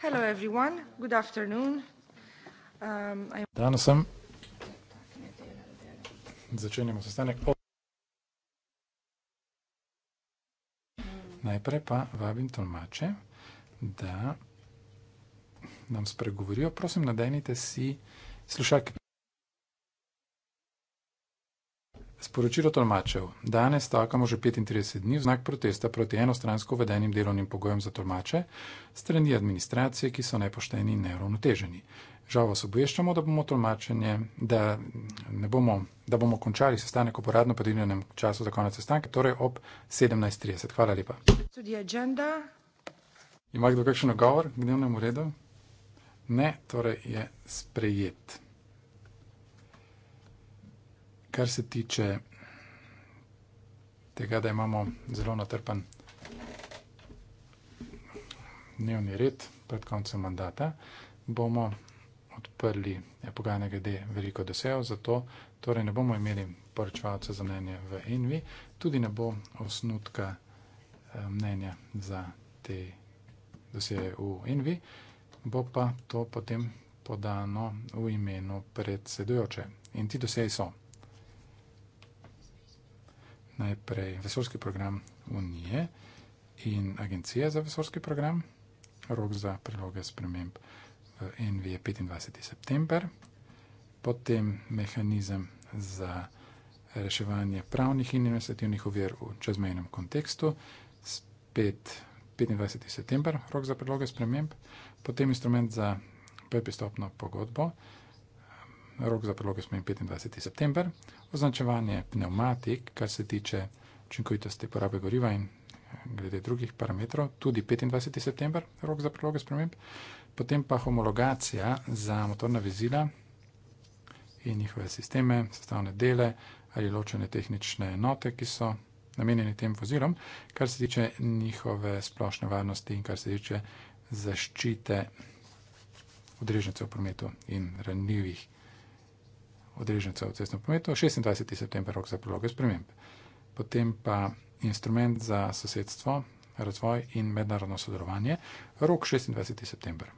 Hello everyone. Good afternoon. Um, I... Danes sem. Začenjamo sestanek. Najprej pa vabim tolmače, da nam spregovorijo. Prosim, nadenite si slušalke. Sporočilo tolmačev. Danes stavkamo že 35 dni v znak protesta proti enostransko vedenim delovnim pogojem za tolmače strani administracije, ki so nepošteni in neravnoteženi. Žal vas obveščamo, da bomo tolmačenje, da, bomo, da bomo končali sestanek v poradno podeljenem času za konec sestanka, torej ob 17.30. Hvala lepa. Ima kdo kakšen govor k dnevnemu redu? Ne, torej je sprejet. Kar se tiče tega, da imamo zelo natrpen dnevni red pred koncem mandata, bomo odprli ja, pogajanje glede veliko dosejev, zato torej ne bomo imeli poročevalca za mnenje v Envi, tudi ne bo osnutka eh, mnenja za te doseje v Envi, bo pa to potem podano v imenu predsedujoče. In ti doseji so najprej vesoljski program Unije in Agencija za vesoljski program. Rok za priloge sprememb v NV je 25. september, potem mehanizem za reševanje pravnih in investitivnih uvir v čezmejnem kontekstu, spet 25. september, rok za priloge sprememb, potem instrument za prepistopno pogodbo, rok za priloge smo imeli 25. september, označevanje pneumatik, kar se tiče učinkovitosti porabe goriva in eh, glede drugih parametrov, tudi 25. september, rok za priloge sprememb, potem pa homologacija za motorna vezila in njihove sisteme, sestavne dele ali ločene tehnične note, ki so namenjeni tem vozilom, kar se tiče njihove splošne varnosti in kar se tiče zaščite udrežencev v prometu in ranljivih odrežencev v cestnem prometu, 26. september, rok za priloge sprememb. Potem pa instrument za sosedstvo, razvoj in mednarodno sodelovanje, rok 26. september.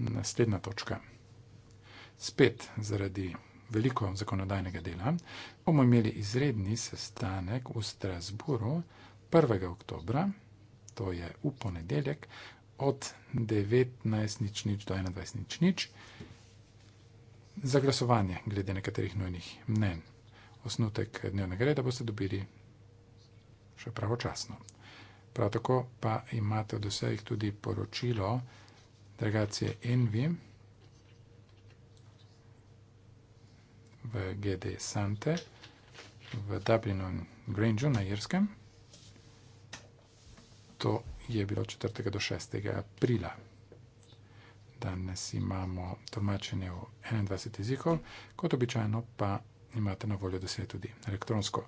Naslednja točka. Spet zaradi veliko zakonodajnega dela bomo imeli izredni sestanek v Strasburu 1. oktober, to je v ponedeljek, od 19.00 do 21.00 za glasovanje glede nekaterih nujnih mnen. Osnutek dnevnega reda boste dobili še pravočasno. Prav tako pa imate od vseh tudi poročilo delegacije Envi v GD Sante v Dublinu in Grangeu na Irskem. To je bilo 4. do 6. aprila. Danes imamo tolmačenje v 21 jezikov, kot običajno pa imate na voljo doslej tudi elektronsko.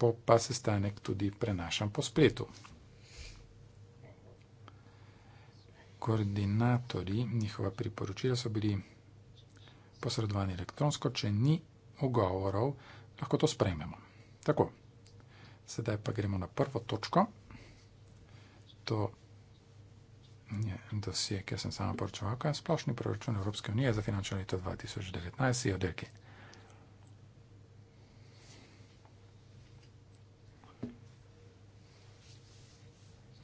Po pa sestanek tudi prenašam po spletu. Koordinatori, njihova priporočila so bili posredovani elektronsko, če ni ugovorov, lahko to sprememo. Tako, sedaj pa gremo na prvo točko. To dosje, ki sem sama poročevalka, splošni proračun Evropske unije za finančno leto 2019 je oddelki.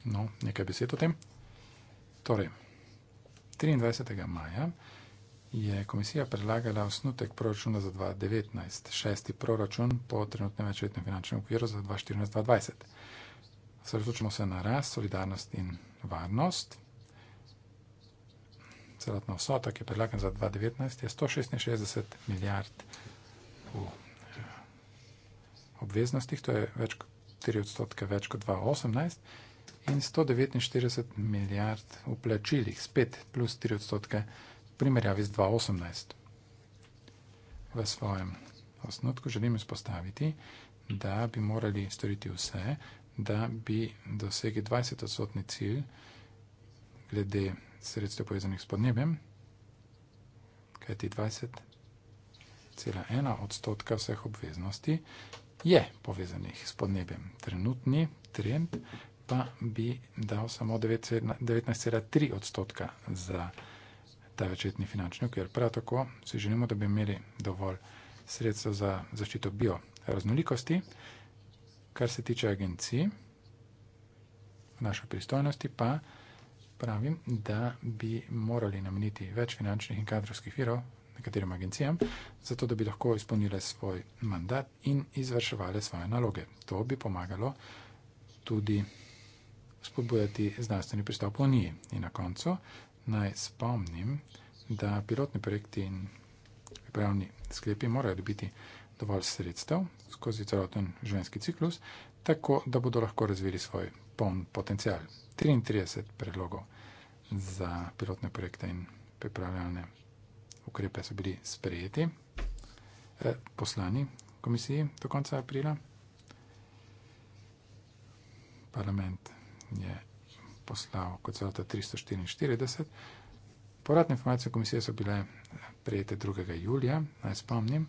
No, nekaj besed o tem. Torej, 23. maja je komisija predlagala osnutek proračuna za 2019, šesti proračun po trenutnem večletnem finančnem okviru za 2014-2020. Sredotočimo se na rast, solidarnost in varnost celotna vsota, ki je predlagana za 2019, je 166 milijard v eh, obveznostih, to je več kot 4 odstotke več kot 2018 in 149 milijard v plačilih, spet plus 4 odstotke v primerjavi z 2018. V svojem osnutku želim izpostaviti, da bi morali storiti vse, da bi dosegli 20-odstotni cilj glede sredstev povezanih s podnebjem, kajti 20,1 odstotka vseh obveznosti je povezanih s podnebjem. Trenutni trend pa bi dal samo 19,3 odstotka za ta večetni finančni okvir. Prav tako si želimo, da bi imeli dovolj sredstev za zaščito bioraznolikosti. Kar se tiče agencij, naše pristojnosti pa je, pravim, da bi morali nameniti več finančnih in kadrovskih virov nekaterim agencijam, zato da bi lahko izpolnile svoj mandat in izvrševale svoje naloge. To bi pomagalo tudi spodbujati znanstveni pristop v njih. In na koncu naj spomnim, da pilotni projekti in pripravni sklepi morajo dobiti dovolj sredstev skozi celoten življenjski ciklus, tako da bodo lahko razvili svoj poln potencial. 33 predlogov za pilotne projekte in pripravljalne ukrepe so bili sprejeti, eh, poslani komisiji do konca aprila. Parlament je poslal kot celota 344. Poradne informacije komisije so bile eh, prejete 2. julija. Naj spomnim,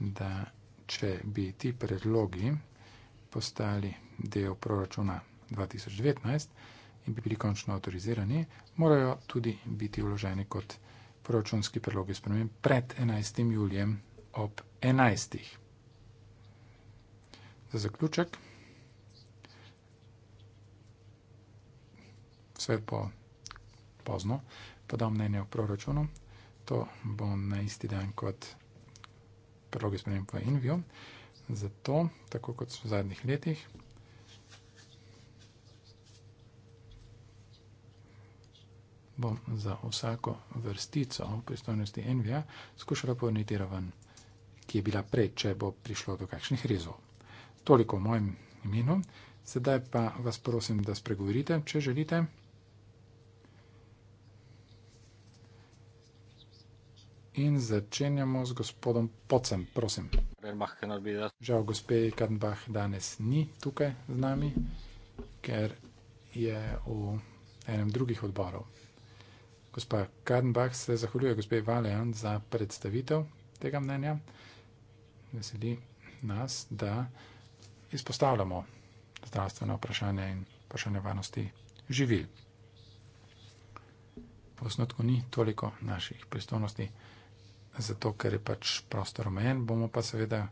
da če bi ti predlogi postali del proračuna 2019, in bi bili končno autorizirani, morajo tudi biti vloženi kot proračunski predlogi spremem pred 11. julijem ob 11. Za zaključek, vse po pozno, podam mnenje o proračunu, to bo na isti dan kot predlogi spremem po Invio, zato, tako kot v zadnjih letih, bom za vsako vrstico v pristojnosti NVA skušala povrniti raven, ki je bila prej, če bo prišlo do kakšnih rezov. Toliko o mojem imenu, sedaj pa vas prosim, da spregovorite, če želite. In začenjamo z gospodom Pocem, prosim. Žal, gospe Kadnbach danes ni tukaj z nami, ker je v enem drugih odborov. Gospa Kardenbach se zahvaljuje gospe Valejan za predstavitev tega mnenja. Veseli nas, da izpostavljamo zdravstvene vprašanja in vprašanje varnosti živil. Po osnotku ni toliko naših pristojnosti, zato ker je pač prostor omejen, bomo pa seveda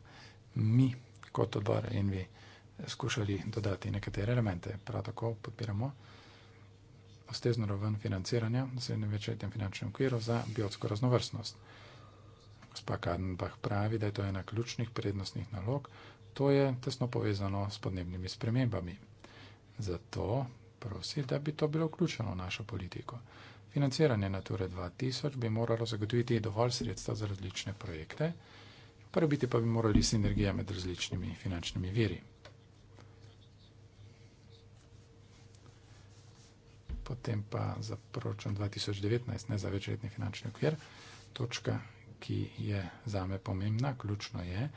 mi kot odbor in vi skušali dodati nekatere elemente. Prav tako podpiramo ustrezno raven financiranja z največjim finančnim okvirom za biotsko raznovrstnost. Gospa Kadenbach pravi, da je to ena ključnih prednostnih nalog, to je tesno povezano s podnebnimi spremembami. Zato prosi, da bi to bilo vključeno v našo politiko. Financiranje Nature 2000 bi moralo zagotoviti dovolj sredstva za različne projekte, prebiti pa bi morali sinergija med različnimi finančnimi viri. potem pa za proračun 2019, ne za večletni finančni okvir. Točka, ki je za me pomembna, ključno je,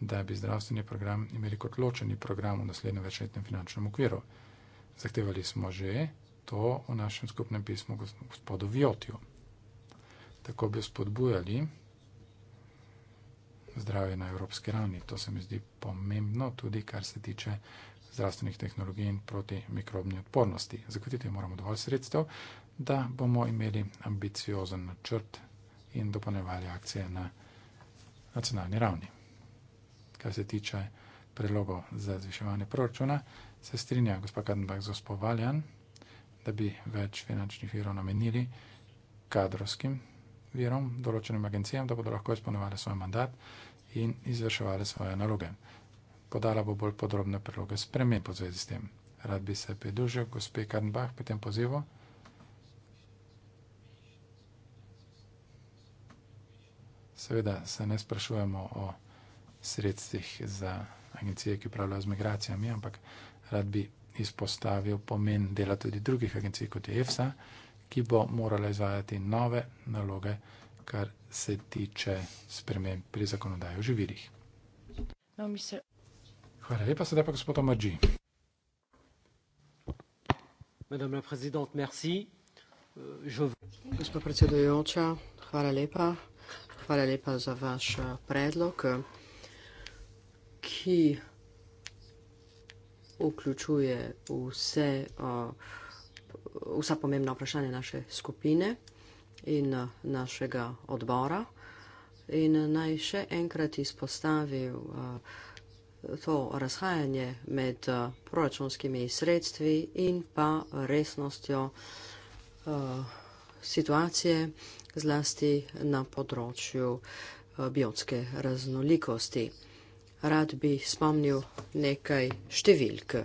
da bi zdravstveni program imeli kot ločeni program v naslednjem večletnem finančnem okviru. Zahtevali smo že to v našem skupnem pismu gospodu Vjotju. Tako bi spodbujali zdravje na evropski ravni. To se mi zdi pomembno tudi, kar se tiče zdravstvenih tehnologij in proti mikrobni odpornosti. Zagotoviti moramo dovolj sredstev, da bomo imeli ambiciozen načrt in dopolnevali akcije na nacionalni ravni. Kar se tiče predlogov za zviševanje proračuna, se strinja gospod Kadenbach z gospod Valjan, da bi več finančnih virov namenili kadrovskim virom, določenim agencijam, da bodo lahko izpolnjevali svoj mandat in izvrševali svoje naloge podala bo bolj podrobne predloge spremen po zvezi s tem. Rad bi se pridružil gospe Karnbach pri tem pozivu. Seveda se ne sprašujemo o sredstvih za agencije, ki upravljajo z migracijami, ampak rad bi izpostavil pomen dela tudi drugih agencij kot je EFSA, ki bo morala izvajati nove naloge, kar se tiče spremen pri zakonodaju o živirih. No, mister. Hvala lepa, sedaj pa gospod Omađi. Euh, gospod predsedujoča, hvala lepa. Hvala lepa za vaš eh, predlog, eh, ki vključuje vse, eh, vsa pomembna vprašanja naše skupine in našega odbora. In naj še enkrat izpostavim, to razhajanje med eh, proračunskimi sredstvi in pa resnostjo eh, situacije zlasti na področju eh, biotske raznolikosti. Rad bi spomnil nekaj številk.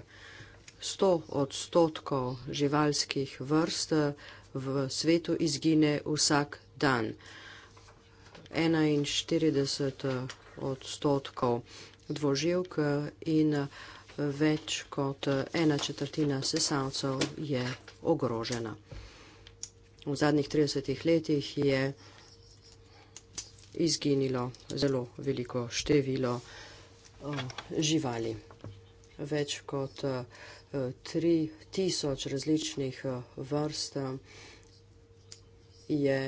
100 odstotkov živalskih vrst v svetu izgine vsak dan. 41 odstotkov dvoživk in več kot ena četrtina sesalcev je ogrožena. V zadnjih 30 letih je izginilo zelo veliko število živali. Več kot 3000 različnih vrst je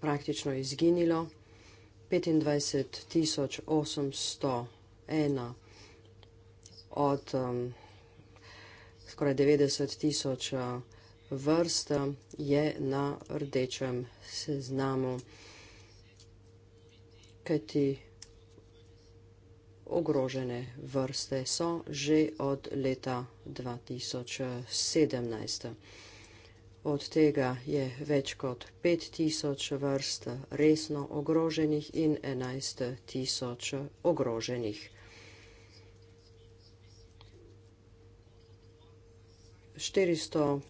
praktično izginilo, 25 800 ena od um, skoraj 90 tisoč uh, vrst um, je na rdečem seznamu, kajti ogrožene vrste so že od leta 2017. Od tega je več kot 5000 vrst resno ogroženih in 11000 ogroženih. 415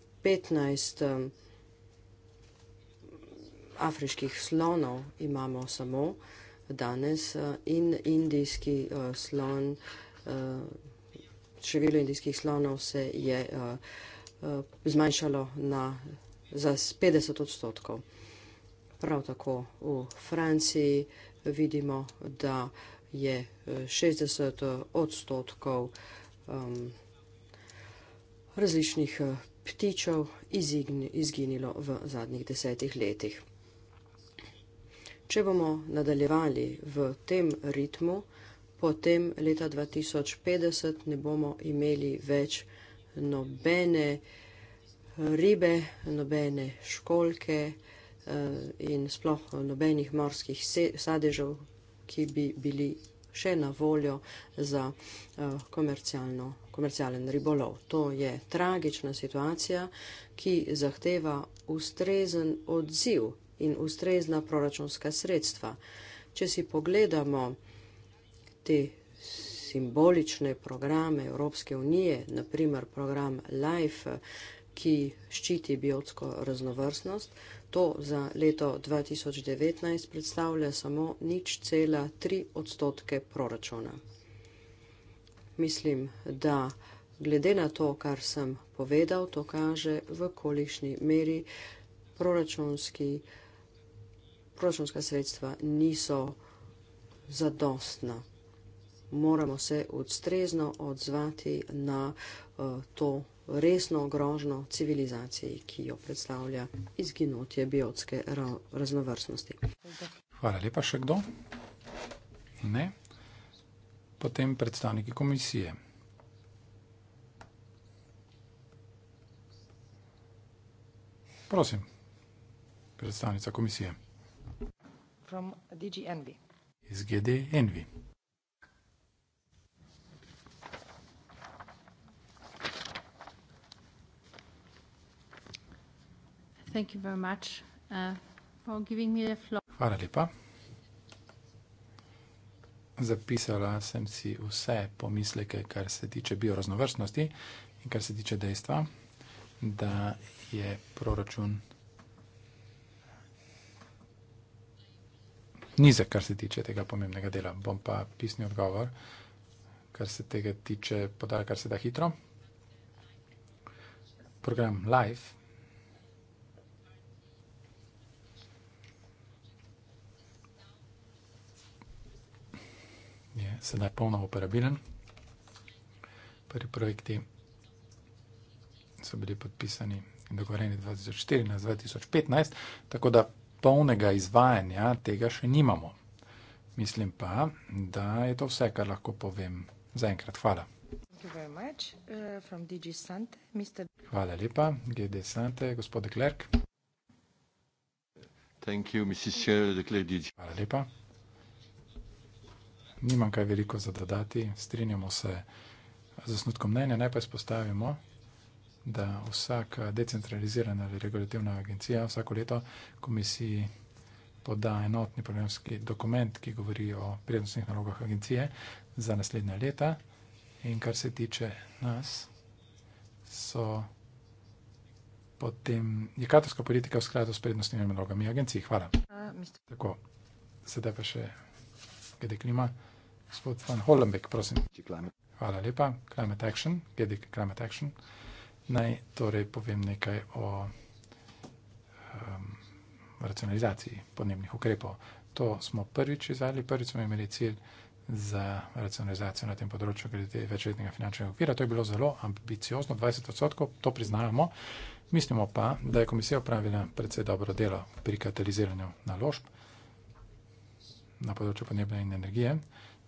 afriških slonov imamo samo danes e, in indijski e, slon, e, število indijskih slonov se je zmanjšalo na, za 50 odstotkov. Prav tako v Franciji vidimo, da je 60 odstotkov slonov, različnih eh, ptičev izginilo v zadnjih desetih letih. Če bomo nadaljevali v tem ritmu, potem leta 2050 ne bomo imeli več nobene eh, ribe, nobene školke eh, in sploh nobenih morskih sadežev, ki bi bili še na voljo za eh, komercialen ribolov. To je tragična situacija, ki zahteva ustrezen odziv in ustrezna proračunska sredstva. Če si pogledamo te simbolične programe Evropske unije, naprimer program LIFE, ki ščiti biotsko raznovrstnost, To za leto 2019 predstavlja samo nič cela tri odstotke proračuna. Mislim, da glede na to, kar sem povedal, to kaže v kolišni meri proračunski, proračunska sredstva niso zadostna. Moramo se ustrezno odzvati na uh, to resno grožno civilizaciji, ki jo predstavlja izginotje biotske raznovrstnosti. Hvala lepa, še kdo? Ne. Potem predstavniki komisije. Prosim, predstavnica komisije. From DG Envy. Iz GD Envy. Thank you very much uh, for giving me the floor. Hvala lepa. Zapisala sem si vse pomisleke, kar se tiče bioraznovrstnosti in kar se tiče dejstva, da je proračun nizek, kar se tiče tega pomembnega dela. Bom pa pisni odgovor, kar se tega tiče, podal kar se da hitro. Program LIFE je sedaj polno operabilen. Prvi projekti so bili podpisani in dogovorjeni 2014-2015, tako da polnega izvajanja tega še nimamo. Mislim pa, da je to vse, kar lahko povem zaenkrat. Hvala. Uh, hvala lepa, GD Sante, gospod Klerk. Thank you, Mrs. Chair, Declare DG. Hvala lepa nimam kaj veliko za dodati, strinjamo se z osnutkom mnenja. Najprej spostavimo, da vsaka decentralizirana regulativna agencija vsako leto komisiji poda enotni programski dokument, ki govori o prednostnih nalogah agencije za naslednja leta. In kar se tiče nas, so. Potem je katarska politika v skladu s prednostnimi nalogami agencij. Hvala. Tako, sedaj pa še glede klima gospod Van Hollenbeck, prosim. Hvala lepa, Climate Action, Gedik Climate Action. Naj torej povem nekaj o um, racionalizaciji podnebnih ukrepov. To smo prvič izvali, prvič smo imeli cilj za racionalizacijo na tem področju glede večletnega finančnega okvira. To je bilo zelo ambiciozno, 20 odstotkov, to priznavamo. Mislimo pa, da je komisija opravila predvsej dobro delo pri kataliziranju naložb na področju podnebne in energije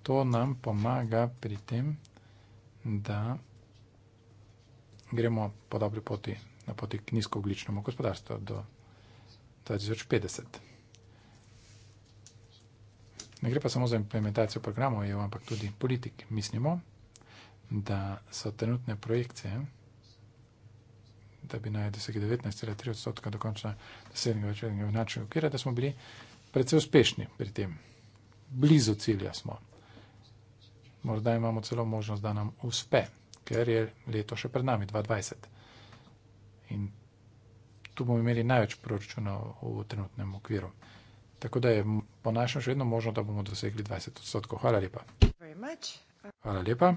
to nam pomaga pri tem, da gremo po dobri poti, na poti k nizkoogličnemu gospodarstvu do 2050. Ne gre pa samo za implementacijo programov, je ampak tudi politik. Mislimo, da so trenutne projekcije, da bi naj dosegli 19,3 odstotka do konca naslednjega večernega finančnega okvira, da smo bili precej uspešni pri tem. Blizu cilja smo. Morda imamo celo možnost, da nam uspe, ker je leto še pred nami, 2020. In tu bomo imeli največ proračuna v trenutnem okviru. Tako da je po našem še vedno možno, da bomo dosegli 20 odstotkov. Hvala lepa. Hvala lepa.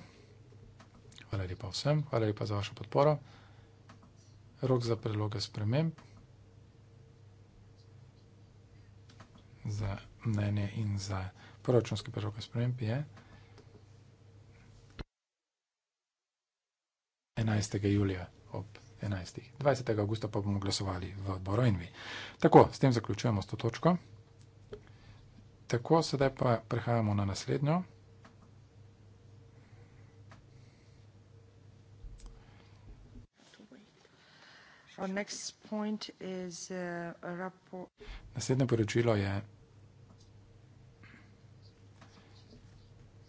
Hvala lepa vsem, hvala lepa za vašo podporo. Rok za predloge sprememb, za mnenje in za proračunske predloge sprememb je. 11. julija ob 11. 20. augusta pa bomo glasovali v odboru in vi. Tako, s tem zaključujemo s to točko. Tako, sedaj pa prehajamo na naslednjo. Uh, Naslednje poročilo je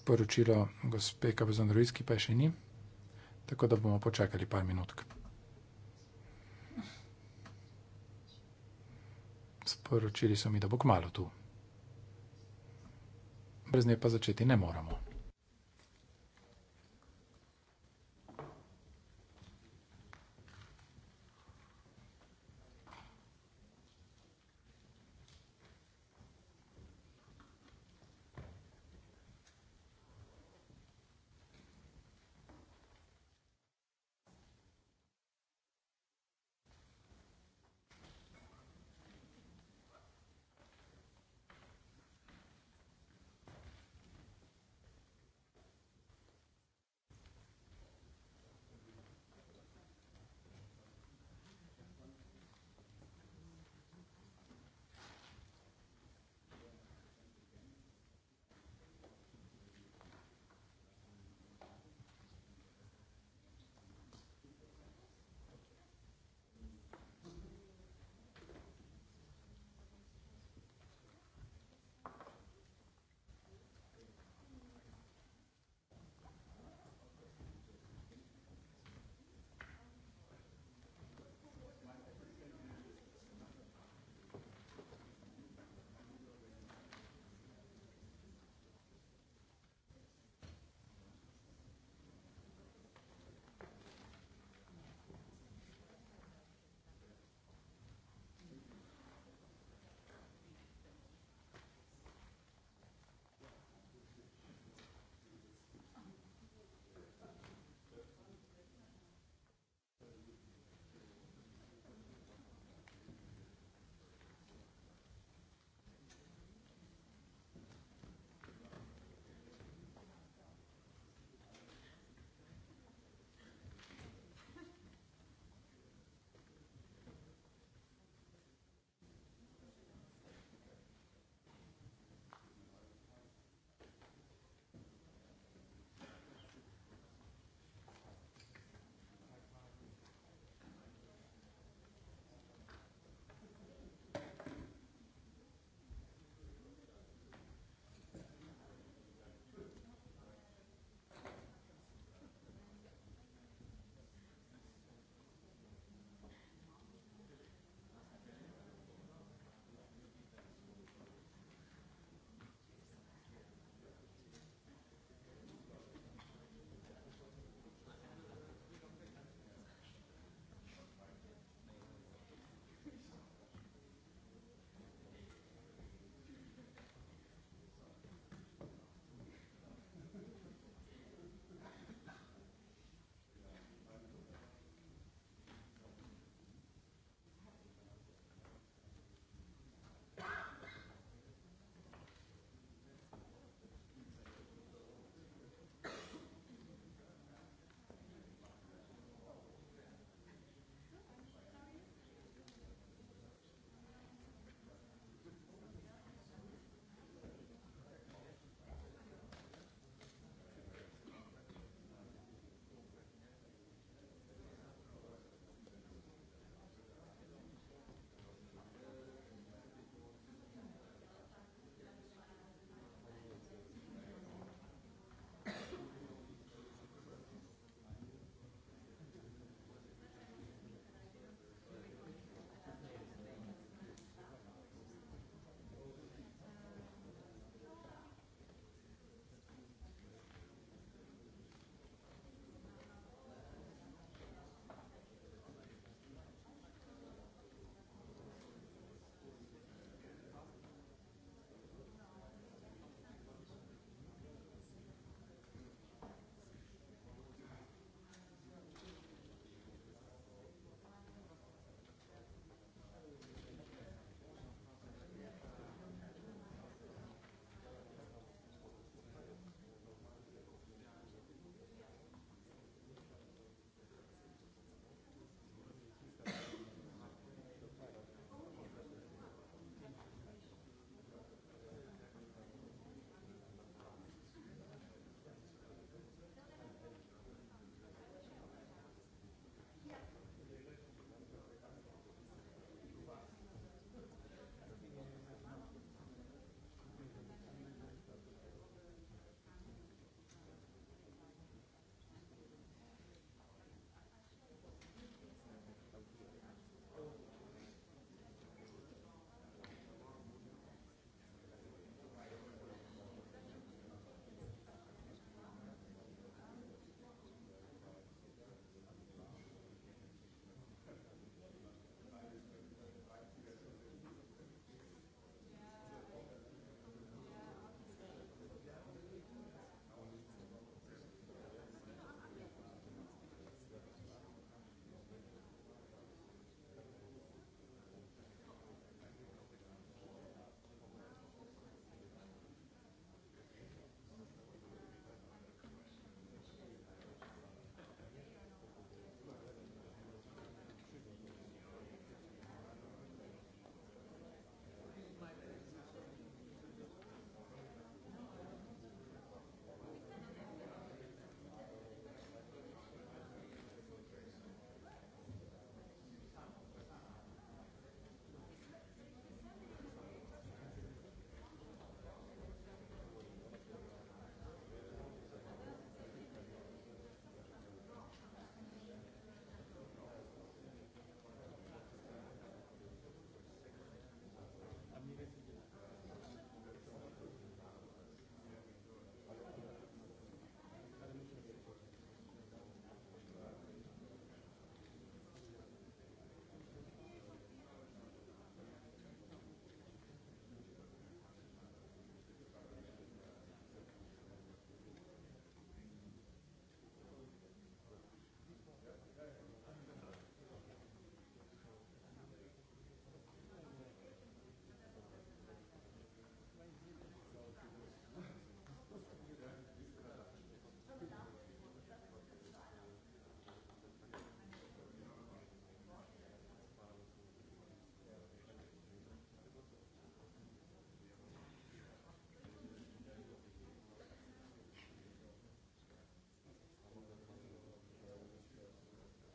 poročilo gospe Kabezon Rujski, pa še ni. Tako da bomo počakali par minutk. Sporočili so mi, da bo kmalo tu. Brez nje pa začeti ne moramo.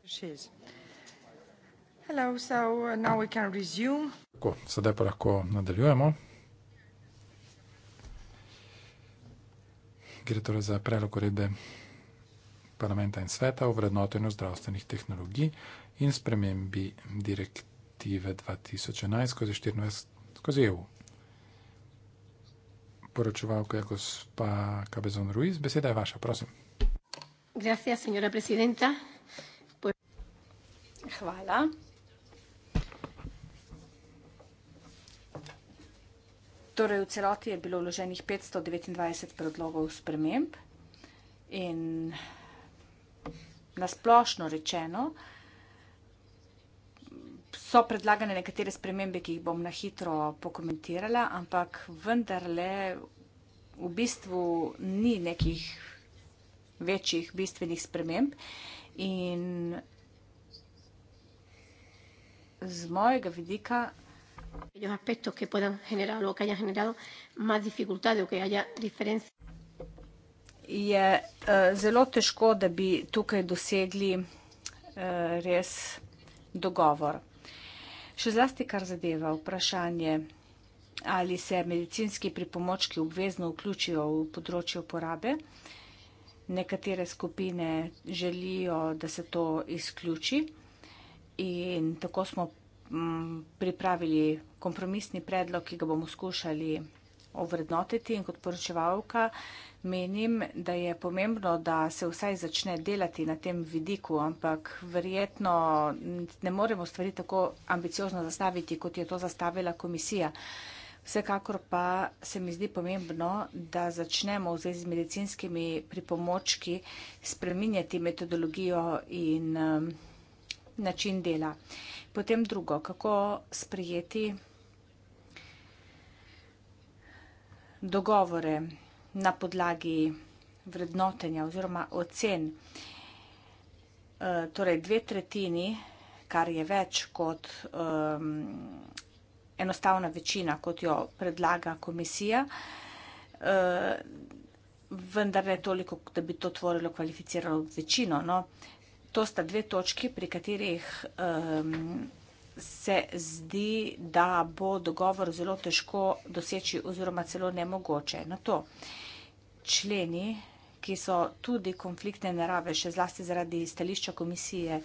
shares. Hello, so uh, now we can resume. Tako, sedaj pa lahko nadaljujemo. Gre torej za predlog uredbe parlamenta in sveta o vrednotenju zdravstvenih tehnologij in spremembi direktive 2011-24-EU. E Poročevalka je gospa Cabezon Ruiz, beseda je vaša, prosim. Gracias, señora presidenta hvala. Torej, v celoti je bilo vloženih 529 predlogov sprememb in nasplošno rečeno so predlagane nekatere spremembe, ki jih bom na hitro pokomentirala, ampak vendarle v bistvu ni nekih večjih bistvenih sprememb in z mojega vidika je eh, zelo težko, da bi tukaj dosegli eh, res dogovor. Še zlasti, kar zadeva vprašanje, ali se medicinski pripomočki obvezno vključijo v področje uporabe. Nekatere skupine želijo, da se to izključi in tako smo mm, pripravili kompromisni predlog, ki ga bomo skušali ovrednotiti in kot poročevalka menim, da je pomembno, da se vsaj začne delati na tem vidiku, ampak verjetno ne moremo stvari tako ambiciozno zastaviti, kot je to zastavila komisija. Vsekakor pa se mi zdi pomembno, da začnemo v zvezi z medicinskimi pripomočki spreminjati metodologijo in um, način dela. Potem drugo, kako sprejeti dogovore na podlagi vrednotenja oziroma ocen. E, torej dve tretjini, kar je več kot enostavna večina, kot jo predlaga komisija, e, vendar ne toliko, da bi to tvorilo kvalificirano večino. No, to sta dve točki, pri katerih um, se zdi, da bo dogovor zelo težko doseči oziroma celo nemogoče. Na to členi, ki so tudi konfliktne narave, še zlasti zaradi stališča komisije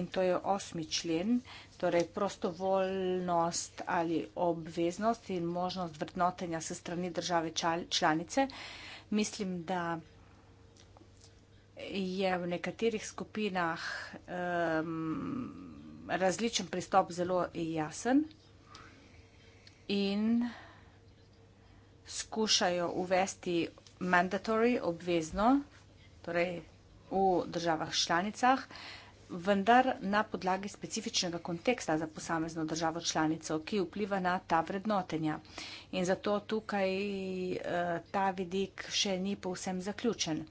in to je osmi člen, torej prostovoljnost ali obveznost in možnost vrednotenja se strani države članice, mislim, da je v nekaterih skupinah um, različen pristop zelo jasen in skušajo uvesti mandatory, obvezno, torej v državah članicah, vendar na podlagi specifičnega konteksta za posamezno državo članico, ki vpliva na ta vrednotenja. In zato tukaj uh, ta vidik še ni povsem zaključen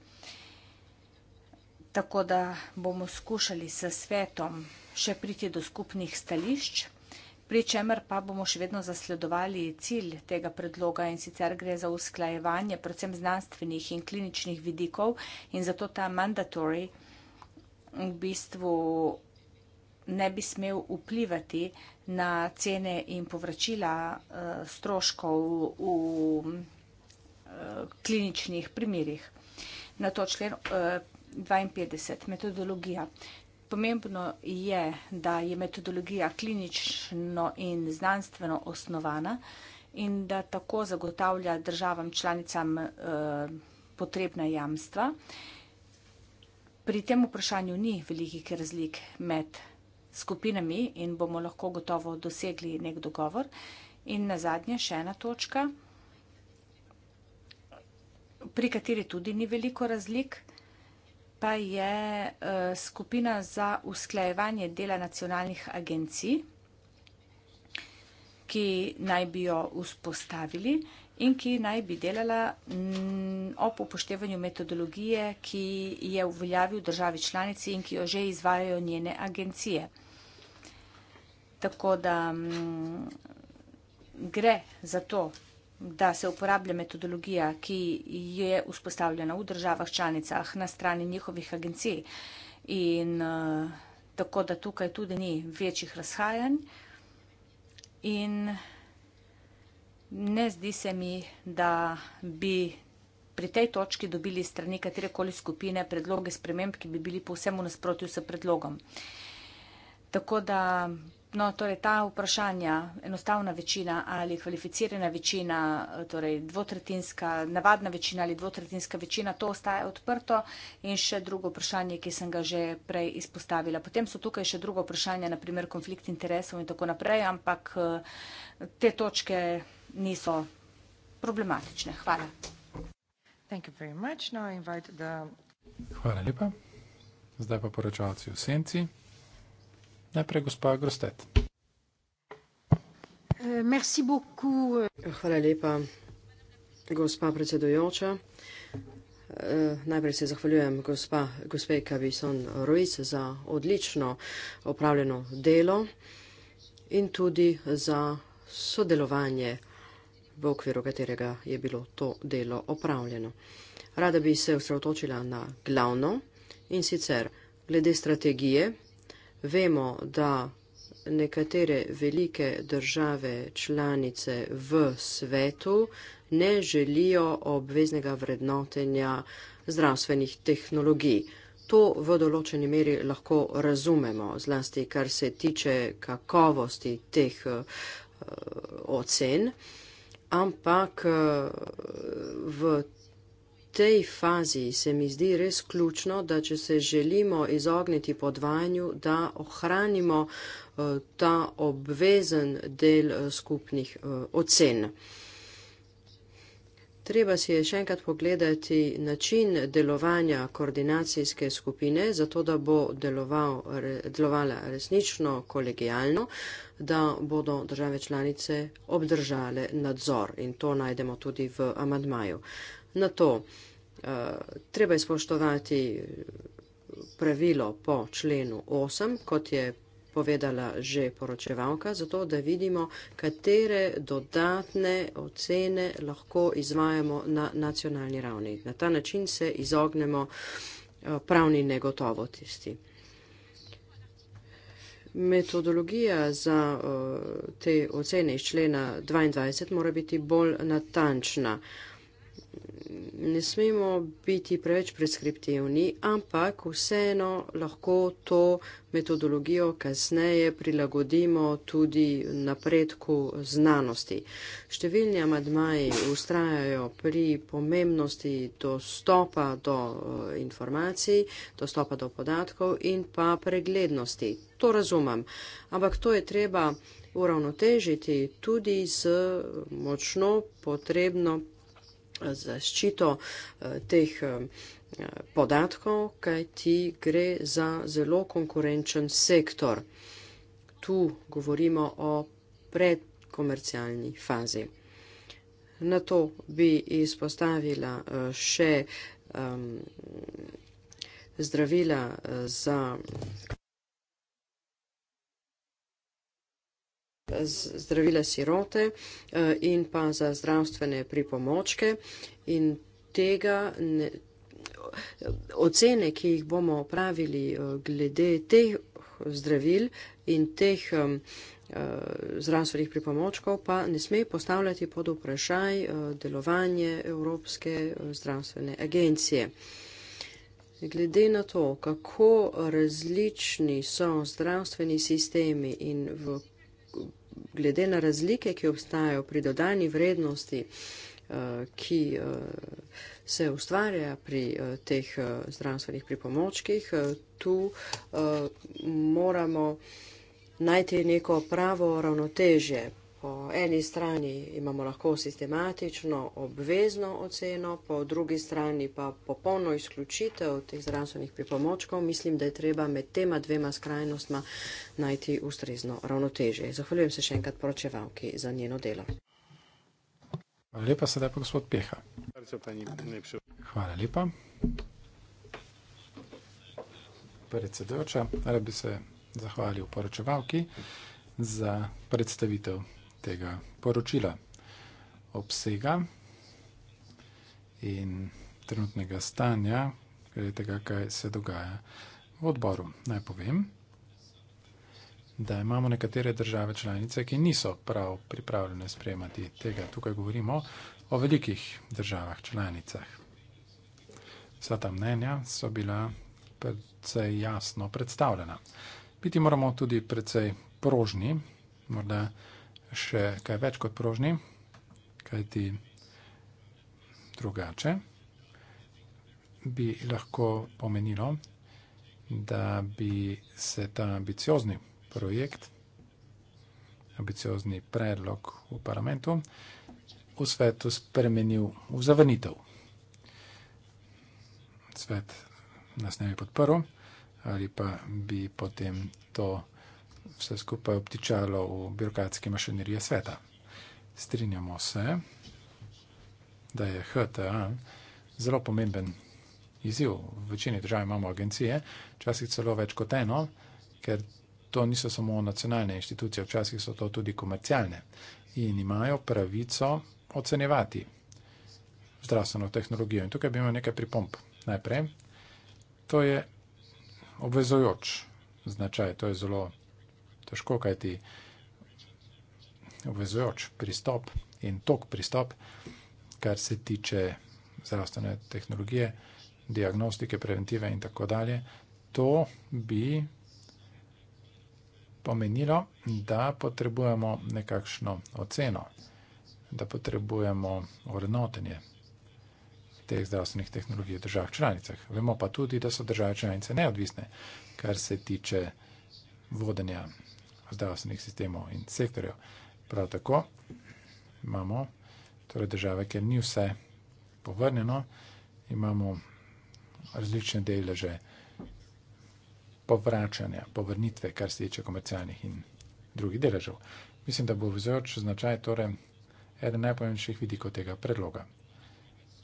tako da bomo skušali s svetom še priti do skupnih stališč, pri čemer pa bomo še vedno zasledovali cilj tega predloga in sicer gre za usklajevanje predvsem znanstvenih in kliničnih vidikov in zato ta mandatory v bistvu ne bi smel vplivati na cene in povračila eh, stroškov v eh, kliničnih primerih. Na to člen eh, 52, metodologija. Pomembno je, da je metodologija klinično in znanstveno osnovana in da tako zagotavlja državam članicam eh, potrebna jamstva. Pri tem vprašanju ni velikih razlik med skupinami in bomo lahko gotovo dosegli nek dogovor. In na zadnje še ena točka, pri kateri tudi ni veliko razlik pa je eh, skupina za usklajevanje dela nacionalnih agencij, ki naj bi jo vzpostavili in ki naj bi delala mm, ob upoštevanju metodologije, ki je v veljavi v državi članici in ki jo že izvajajo njene agencije. Tako da mm, gre za to, da se uporablja metodologija, ki je vzpostavljena v državah članicah na strani njihovih agencij in eh, tako da tukaj tudi ni večjih razhajanj in ne zdi se mi, da bi pri tej točki dobili strani katerekoli skupine predloge sprememb, ki bi bili povsem v nasprotju s predlogom. Tako da No, torej ta vprašanja, enostavna večina ali kvalificirana večina, torej dvotretinska, navadna večina ali dvotretinska večina, to ostaje odprto. In še drugo vprašanje, ki sem ga že prej izpostavila. Potem so tukaj še druga vprašanja, naprimer konflikt interesov in tako naprej, ampak te točke niso problematične. Hvala. Hvala lepa. Zdaj pa poročavci v senci. Najprej gospa Grostet. Eh, eh. Hvala lepa, gospa predsedujoča. Eh, najprej se zahvaljujem gospa, gospe Kavison Ruiz za odlično opravljeno delo in tudi za sodelovanje, v okviru katerega je bilo to delo opravljeno. Rada bi se osredotočila na glavno in sicer glede strategije, Vemo, da nekatere velike države članice v svetu ne želijo obveznega vrednotenja zdravstvenih tehnologij. To v določeni meri lahko razumemo, zlasti kar se tiče kakovosti teh eh, ocen, ampak eh, v tej fazi se mi zdi res ključno, da če se želimo izogniti podvajanju, da ohranimo eh, ta obvezen del eh, skupnih eh, ocen. Treba si je še enkrat pogledati način delovanja koordinacijske skupine, zato da bo deloval, re, delovala resnično kolegijalno, da bodo države članice obdržale nadzor in to najdemo tudi v amadmaju na to. Eh, treba je spoštovati pravilo po členu 8, kot je povedala že poročevalka, zato da vidimo, katere dodatne ocene lahko izvajamo na nacionalni ravni. Na ta način se izognemo eh, pravni negotovosti. Metodologija za eh, te ocene iz člena 22 mora biti bolj natančna ne smemo biti preveč preskriptivni, ampak vseeno lahko to metodologijo kasneje prilagodimo tudi napredku znanosti. Številni amadmaji ustrajajo pri pomembnosti dostopa do eh, informacij, dostopa do podatkov in pa preglednosti. To razumem, ampak to je treba uravnotežiti tudi z močno potrebno zaščito eh, teh eh, podatkov, kaj ti gre za zelo konkurenčen sektor. Tu govorimo o predkomercialni fazi. Na to bi izpostavila eh, še zdravila za. zdravila sirote eh, in pa za zdravstvene pripomočke. In tega ne, ocene, ki jih bomo opravili eh, glede teh zdravil in teh eh, zdravstvenih pripomočkov, pa ne sme postavljati pod vprašaj delovanje Evropske zdravstvene agencije. Glede na to, kako različni so zdravstveni sistemi in v glede na razlike, ki obstajajo pri dodani vrednosti, eh, ki eh, se ustvarja pri eh, teh zdravstvenih pripomočkih, tu moramo najti neko pravo ravnotežje po eni strani imamo lahko sistematično obvezno oceno, po drugi strani pa popolno izključitev teh zdravstvenih pripomočkov, mislim, da je treba med tema dvema skrajnostma najti ustrezno ravnotežje. Zahvaljujem se še enkrat poročevalki za njeno delo. Hvala lepa, sedaj pa gospod Peha. Hvala lepa. Predsedujoča, rad bi se zahvalil poročevalki za predstavitev tega poročila, obsega in trenutnega stanja, glede tega, kaj se dogaja v odboru. Naj povem, da imamo nekatere države članice, ki niso prav pripravljene sprejemati tega. Tukaj govorimo o velikih državah članicah. Vsa ta mnenja so bila predvsej jasno predstavljena. Biti moramo tudi predvsej prožni, morda predvsej še kaj več kot prožni, kajti drugače bi lahko pomenilo, da bi se ta ambiciozni projekt, ambiciozni predlog v parlamentu v svetu spremenil v zavrnitev. Svet nas ne bi podprl ali pa bi potem to vsega vse skupaj obtičalo v birokratske mašinerije sveta. Strinjamo se, da je HTA zelo pomemben izziv. V večini držav imamo agencije, včasih celo več kot eno, ker to niso samo nacionalne inštitucije, včasih so to tudi komercialne in imajo pravico ocenjevati zdravstveno tehnologijo. In tukaj bi imel nekaj pripomp. Najprej, to je obvezojoč značaj, to je zelo težko, kaj ti obvezujoč pristop in tok pristop, kar se tiče zdravstvene tehnologije, diagnostike, preventive in tako dalje, to bi pomenilo, da potrebujemo nekakšno oceno, da potrebujemo vrednotenje teh zdravstvenih tehnologij v državah članicah. Vemo pa tudi, da so države članice neodvisne, kar se tiče vodenja zdravstvenih sistemov in sektorjev. Prav tako imamo torej države, kjer ni vse povrnjeno, imamo različne deleže povračanja, povrnitve, kar se tiče komercialnih in drugih deležev. Mislim, da bo vzroč značaj torej eden najpomembnejših vidikov tega predloga.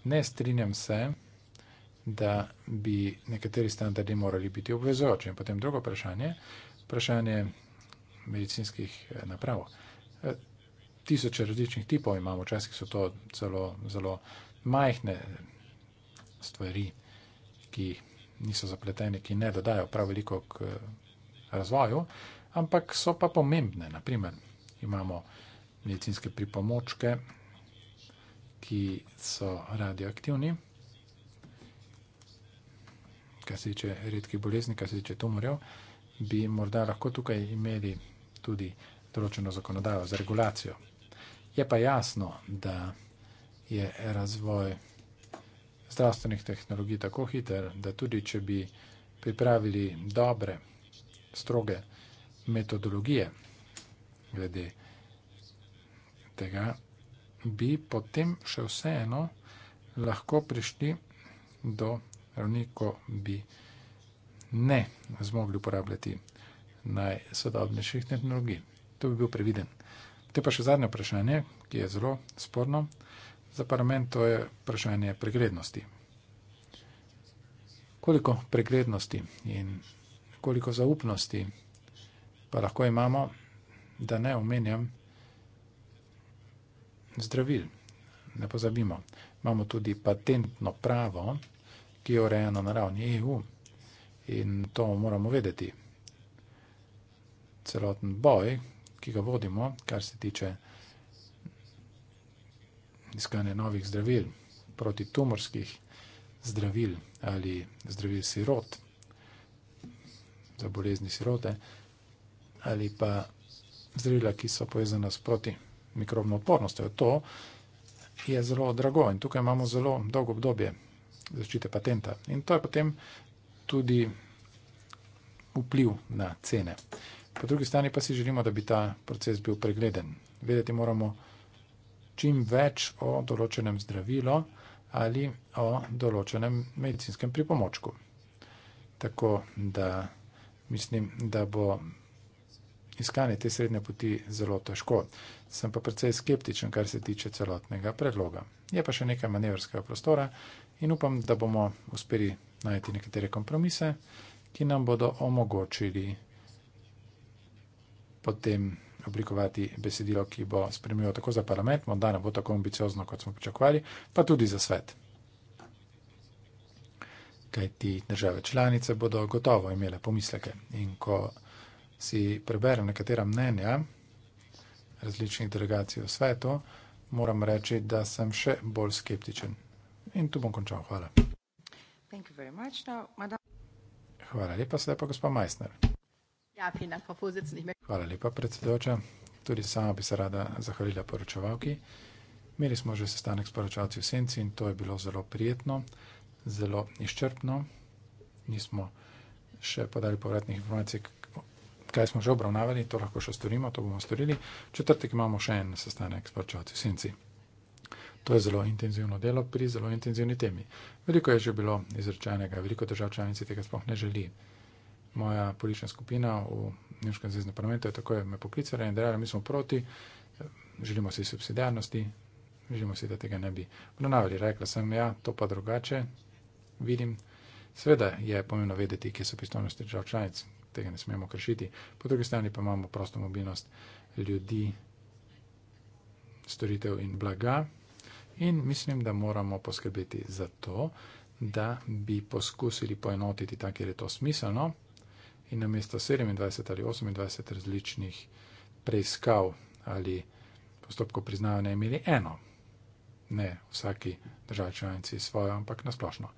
Ne strinjam se, da bi nekateri standardi morali biti obvezujoči. In potem drugo vprašanje, vprašanje medicinskih eh, naprav. Eh, tisoče različnih tipov imamo, včasih so to celo zelo majhne eh, stvari, ki niso zapletene, ki ne dodajo prav veliko k razvoju, ampak so pa pomembne. Naprimer, imamo medicinske pripomočke, ki so radioaktivni, kar se tiče redkih bolezni, kar se tiče tumorjev, bi morda lahko tukaj imeli tudi določeno zakonodajo, z regulacijo. Je pa jasno, da je razvoj zdravstvenih tehnologij tako hiter, da tudi če bi pripravili dobre, stroge metodologije glede tega, bi potem še vseeno lahko prišli do ravni, ko bi ne zmogli uporabljati najsodobnejših tehnologij. To bi bil previden. Te pa še zadnje vprašanje, ki je zelo sporno za parlament, to je vprašanje preglednosti. Koliko preglednosti in koliko zaupnosti pa lahko imamo, da ne omenjam zdravil. Ne pozabimo, imamo tudi patentno pravo, ki je urejeno na ravni EU in to moramo vedeti celoten boj, ki ga vodimo, kar se tiče iskanja novih zdravil, protitumorskih zdravil ali zdravil sirot, za bolezni sirote, ali pa zdravila, ki so povezana s protimikrobno odpornostjo. To je zelo drago in tukaj imamo zelo dolgo obdobje zaščite patenta. In to je potem tudi vpliv na cene. Po drugi strani pa si želimo, da bi ta proces bil pregleden. Vedeti moramo čim več o določenem zdravilu ali o določenem medicinskem pripomočku. Tako da mislim, da bo iskanje te srednje poti zelo težko. Sem pa precej skeptičen, kar se tiče celotnega predloga. Je pa še nekaj manevrskega prostora in upam, da bomo uspeli najti nekatere kompromise, ki nam bodo omogočili potem oblikovati besedilo, ki bo spremljivo tako za parlament, morda ne bo tako ambiciozno, kot smo pričakovali, pa tudi za svet. Kaj ti države članice bodo gotovo imele pomisleke. In ko si preberem nekatera mnenja različnih delegacij v svetu, moram reči, da sem še bolj skeptičen. In tu bom končal. Hvala. Hvala lepa, sedaj pa gospod Meissner. Ja, vielen Dank, Frau Vorsitzende. Hvala lepa, predsedujoča. Tudi sama bi se rada zahvalila poročevalki. Imeli smo že sestanek s poročevalci v Senci in to je bilo zelo prijetno, zelo izčrpno. Nismo še podali povratnih informacij, kaj smo že obravnavali, to lahko še storimo, to bomo storili. V četrtek imamo še en sestanek s poročevalci v Senci. To je zelo intenzivno delo pri zelo intenzivni temi. Veliko je že bilo izrečenega, veliko držav članic tega sploh ne želi moja politična skupina v Nemškem zvezdnem parlamentu, tako je me poklicala in dejala, mi smo proti, želimo si subsidijarnosti, želimo si, da tega ne bi obravnavali. Rekla sem, ja, to pa drugače vidim. Sveda je pomembno vedeti, kje so pristojnosti držav članic, tega ne smemo kršiti. Po drugi strani pa imamo prosto mobilnost ljudi, storitev in blaga. In mislim, da moramo poskrbeti za to, da bi poskusili poenotiti tako, ker je to smiselno in namesto 27 ali 28 različnih preiskav ali postopkov priznavanja imeli eno. Ne vsaki državi članici svojo, ampak nasplošno.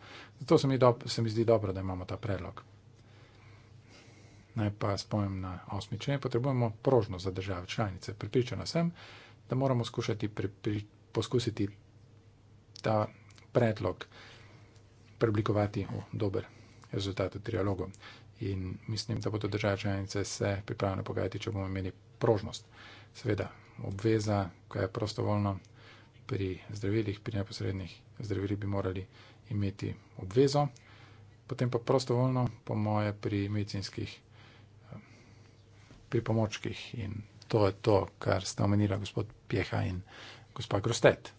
Zato se mi, do, se mi zdi dobro, da imamo ta predlog. Naj pa spomnim na osmi člen. Potrebujemo prožno za države članice. Pripričana sem, da moramo skušati pri, pri, poskusiti ta predlog preoblikovati v dober rezultat v trialogu in mislim, da bodo države članice se pripravljene pogajati, če bomo imeli prožnost. Seveda, obveza, ki je prostovoljna pri zdravilih, pri neposrednih zdravilih bi morali imeti obvezo, potem pa prostovoljno, po moje, pri medicinskih pripomočkih in to je to, kar sta omenila gospod Pjeha in gospa Grostet.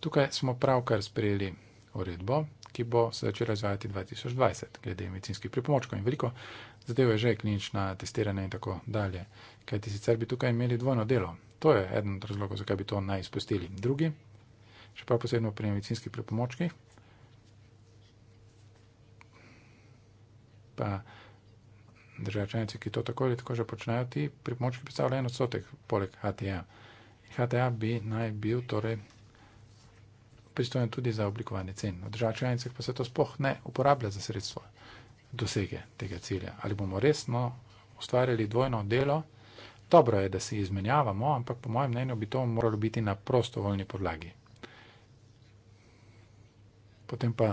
Tukaj smo pravkar sprejeli uredbo, ki bo se začela izvajati 2020, glede medicinskih pripomočkov in veliko zadev je že klinična, testiranje in tako dalje. Kajti sicer bi tukaj imeli dvojno delo. To je eden od razlogov, zakaj bi to naj izpustili. Drugi, še pa posebno pri medicinskih pripomočkih, pa državčanice, ki to tako ali tako že počnejo, ti pripomočki predstavljajo en odstotek poleg HTA. HTA bi naj bil torej pristojen tudi za oblikovanje cen. V državah članicah pa se to spoh ne uporablja za sredstvo dosege tega cilja. Ali bomo resno ustvarjali dvojno delo? Dobro je, da se izmenjavamo, ampak po mojem mnenju bi to moralo biti na prostovoljni podlagi. Potem pa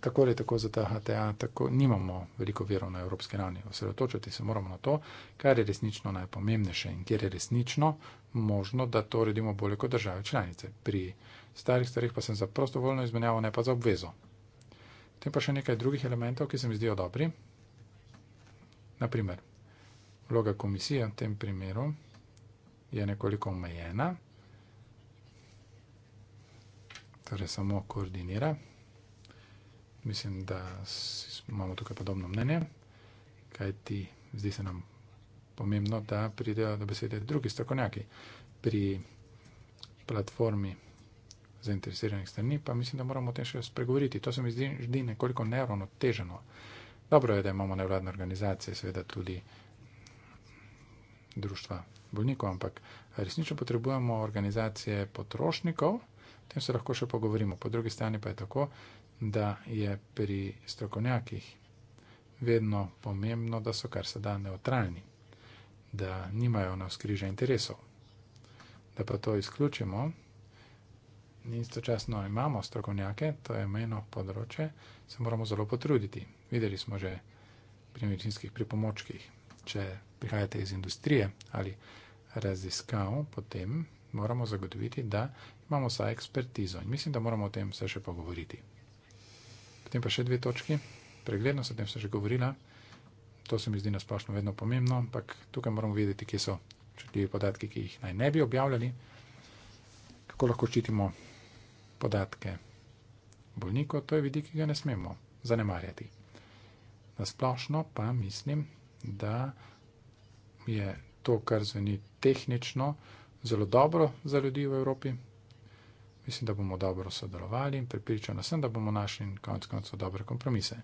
tako ali tako za ta HTA, tako nimamo veliko verov na evropske ravni. Osredotočiti se moramo na to, kar je resnično najpomembnejše in kjer je resnično možno, da to redimo bolje kot države članice. Pri uh, starih stvareh pa sem za prostovoljno izmenjavo, ne pa za obvezo. Potem pa še nekaj drugih elementov, ki se mi zdijo dobri. Naprimer, vloga komisije v tem primeru je nekoliko omejena, torej samo koordinira. Mislim, da imamo tukaj podobno mnenje, kajti zdi se nam pomembno, da pridejo do besede drugi strokovnjaki pri platformi komisije zainteresiranih strani, pa mislim, da moramo o tem še spregovoriti. To se mi zdi, zdi nekoliko neravnoteženo. Dobro je, da imamo nevladne organizacije, seveda tudi društva bolnikov, ampak resnično potrebujemo organizacije potrošnikov, o tem se lahko še pogovorimo. Po drugi strani pa je tako, da je pri strokovnjakih vedno pomembno, da so kar se da neutralni, da nimajo na skriže interesov. Da pa to izključimo istočasno imamo strokovnjake, to je meno področje, se moramo zelo potruditi. Videli smo že pri medicinskih pripomočkih, če prihajate iz industrije ali raziskav, potem moramo zagotoviti, da imamo vsaj ekspertizo. In mislim, da moramo o tem vse še pogovoriti. Potem pa še dve točki. Preglednost, o tem sem že govorila, to se mi zdi nasplošno vedno pomembno, ampak tukaj moramo vedeti, kje so čutljivi podatki, ki jih naj ne bi objavljali, kako lahko ščitimo podatke bolnikov, to je vidik, ki ga ne smemo zanemarjati. Na splošno pa mislim, da je to, kar zveni tehnično, zelo dobro za ljudi v Evropi. Mislim, da bomo dobro sodelovali in pripričana sem, da bomo našli konec koncev dobre kompromise.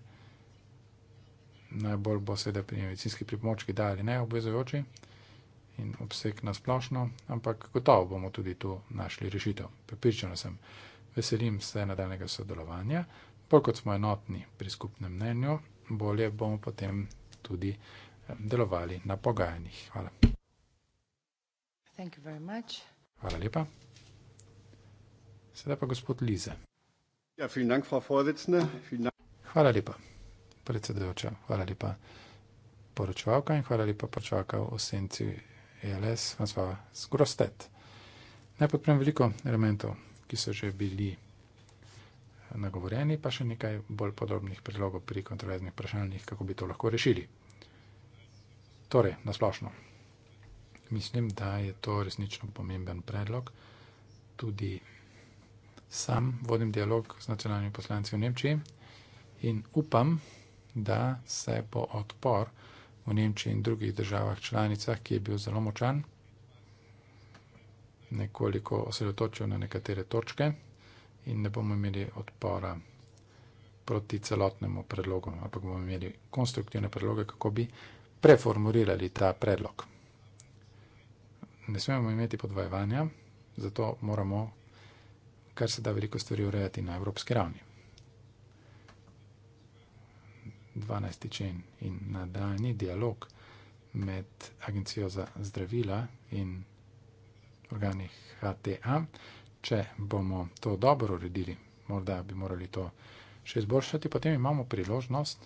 Najbolj bo seveda pri medicinski pripomočki dali neobvezujoči in obseg na splošno, ampak gotovo bomo tudi tu našli rešitev. Pripričana sem. Veselim se nadaljnega sodelovanja. Bolj kot smo enotni pri skupnem mnenju, bolje bomo potem tudi eh, delovali na pogajanjih. Hvala. Hvala lepa. Sedaj pa gospod Lize. Ja, hvala lepa, predsedujoča. Hvala lepa, poročevalka in hvala lepa, poročevalka v senci ELS, vas pa zgrostet. Naj podprem veliko elementov ki so že bili eh, nagovorjeni, pa še nekaj bolj podrobnih predlogov pri kontroverznih vprašanjih, kako bi to lahko rešili. Torej, nasplošno, mislim, da je to resnično pomemben predlog. Tudi sam vodim dialog s nacionalnimi poslanci v Nemčiji in upam, da se bo odpor v Nemčiji in drugih državah članicah, ki je bil zelo močan, nekoliko osredotočil na nekatere točke in ne bomo imeli odpora proti celotnemu predlogu, ampak bomo imeli konstruktivne predloge, kako bi preformulirali ta predlog. Ne smemo imeti podvajevanja, zato moramo kar se da veliko stvari urejati na evropski ravni. 12. člen in nadaljni dialog med Agencijo za zdravila in organih HTA. Če bomo to dobro uredili, morda bi morali to še izboljšati, potem imamo priložnost,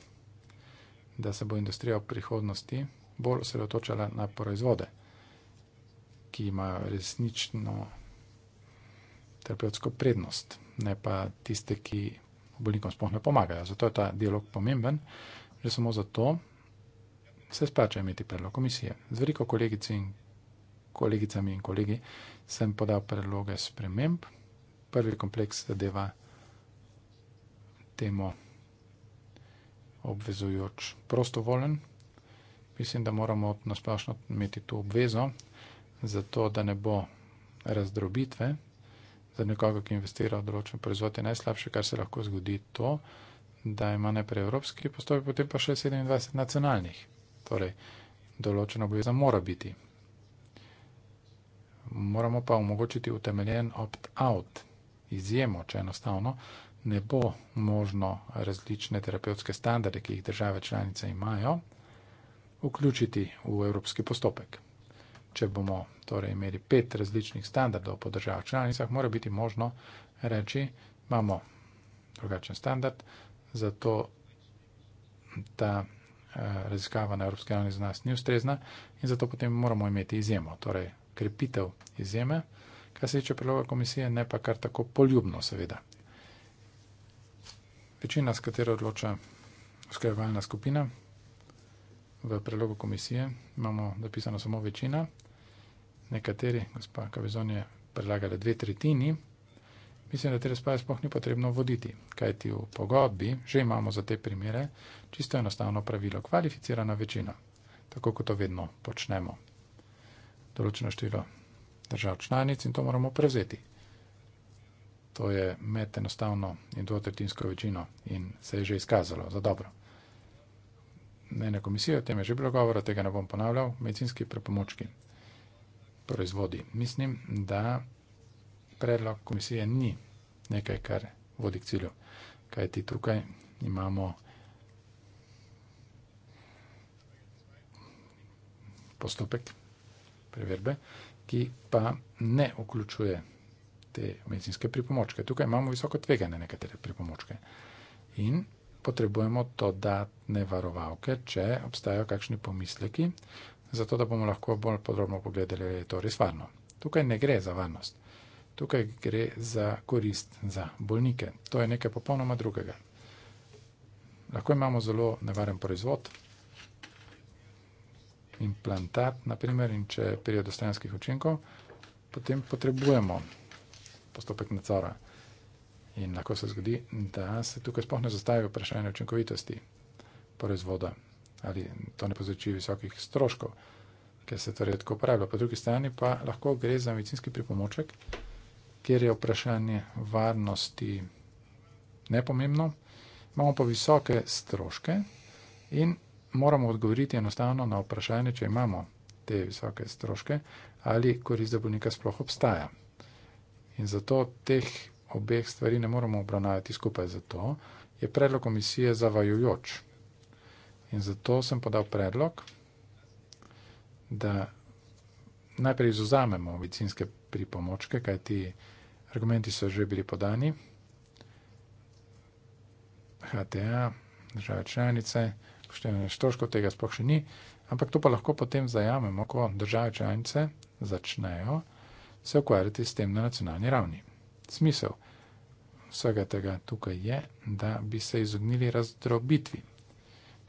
da se bo industrija v prihodnosti bolj osredotočala na proizvode, ki imajo resnično terapevtsko prednost, ne pa tiste, ki bolnikom sploh ne pomagajo. Zato je ta dialog pomemben, že samo zato se splača imeti predlog komisije. Z veliko kolegic in kolegicami in kolegi, sem podal predloge sprememb. Prvi kompleks zadeva temo obvezujoč prostovolen. Mislim, da moramo nasplošno imeti to obvezo, zato da ne bo razdrobitve za nekoga, ki investira v določen proizvod. Je najslabše, kar se lahko zgodi, to, da ima najprej evropski postopek, potem pa še 27 nacionalnih. Torej, določena obveza mora biti. Moramo pa omogočiti utemeljen opt-out izjemo, če enostavno ne bo možno različne terapevtske standarde, ki jih države članice imajo, vključiti v evropski postopek. Če bomo torej imeli pet različnih standardov po državah članicah, mora biti možno reči, imamo drugačen standard, zato ta eh, raziskava na evropski ravni za nas ni ustrezna in zato potem moramo imeti izjemo, torej krepitev izjeme, kar se tiče predloga komisije, ne pa kar tako poljubno, seveda. Večina, s katero odloča usklajevalna skupina v predlogu komisije, imamo zapisano samo večina, nekateri, gospa Kavizon je predlagala dve tretjini, mislim, da te razpave sploh ni potrebno voditi, kajti v pogodbi že imamo za te primere čisto enostavno pravilo, kvalificirana večina, tako kot to vedno počnemo določeno število držav članic in to moramo prevzeti. To je med enostavno in dvotretinsko večino in se je že izkazalo za dobro. Ne na komisijo, o tem je že bilo govora, tega ne bom ponavljal, medicinski prepomočki, proizvodi. Mislim, da predlog komisije ni nekaj, kar vodi k cilju. Kaj ti tukaj imamo postopek, preverbe, ki pa ne vključuje te medicinske pripomočke. Tukaj imamo visoko tvegane nekatere pripomočke. In potrebujemo dodatne varovalke, če obstajajo kakšni pomisleki, zato da bomo lahko bolj podrobno pogledali, ali je to res varno. Tukaj ne gre za varnost. Tukaj gre za korist za bolnike. To je nekaj popolnoma drugega. Lahko imamo zelo nevaren proizvod, implantat, naprimer, in če pride do stranskih učinkov, potem potrebujemo postopek nadzora. In lahko se zgodi, da se tukaj sploh ne zastavi vprašanje učinkovitosti proizvoda ali to ne povzroči visokih stroškov, ker se torej tako uporablja. Po drugi strani pa lahko gre za medicinski pripomoček, kjer je vprašanje varnosti nepomembno. Imamo pa visoke stroške in moramo odgovoriti enostavno na vprašanje, če imamo te visoke stroške, ali korist za bolnika sploh obstaja. In zato teh obeh stvari ne moramo obravnavati skupaj, zato je predlog komisije zavajujoč. In zato sem podal predlog, da najprej izuzamemo medicinske pripomočke, kajti argumenti so že bili podani. HTA, države članice, upoštevanje stroškov tega sploh še ni, ampak to pa lahko potem zajamemo, ko države članice začnejo se ukvarjati s tem na nacionalni ravni. Smisel vsega tega tukaj je, da bi se izognili razdrobitvi.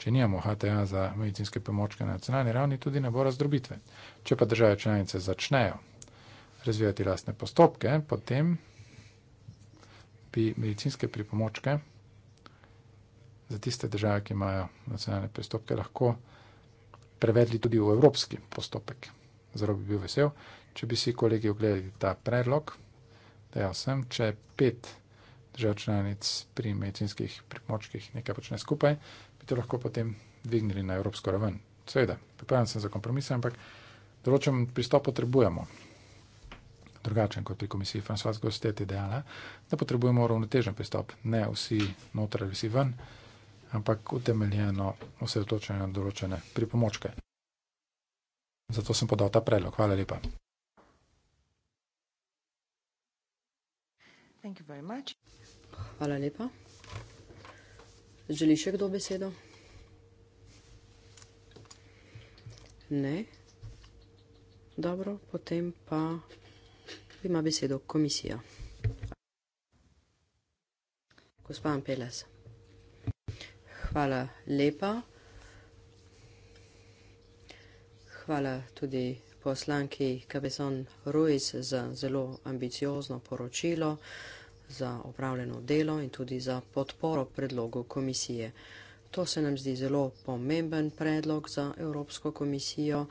Če nimamo HTA za medicinske pomočke na nacionalni ravni, tudi ne bo razdrobitve. Če pa države članice začnejo razvijati lastne postopke, potem bi medicinske pripomočke za tiste države, ki imajo nacionalne postopke, lahko prevedli tudi v evropski postopek. Zelo bi bil vesel, če bi si kolegi ogledali ta predlog. Dejal sem, če pet držav članic pri medicinskih pripomočkih nekaj počne skupaj, bi to lahko potem dvignili na evropsko raven. Seveda, pripravljam se za kompromis, ampak določen pristop potrebujemo. Drugačen kot pri komisiji Francoise Gostet je dejala, da potrebujemo ravnotežen pristop, ne vsi noter ali vsi ven ampak utemeljeno osredotočeno na določene pripomočke. Zato sem podal ta predlog. Hvala lepa. Hvala lepa. Želi še kdo besedo? Ne. Dobro, potem pa ima besedo komisija. Gospa Ampeles hvala lepa. Hvala tudi poslanki Cabezon Ruiz za zelo ambiciozno poročilo, za opravljeno delo in tudi za podporo predlogu komisije. To se nam zdi zelo pomemben predlog za Evropsko komisijo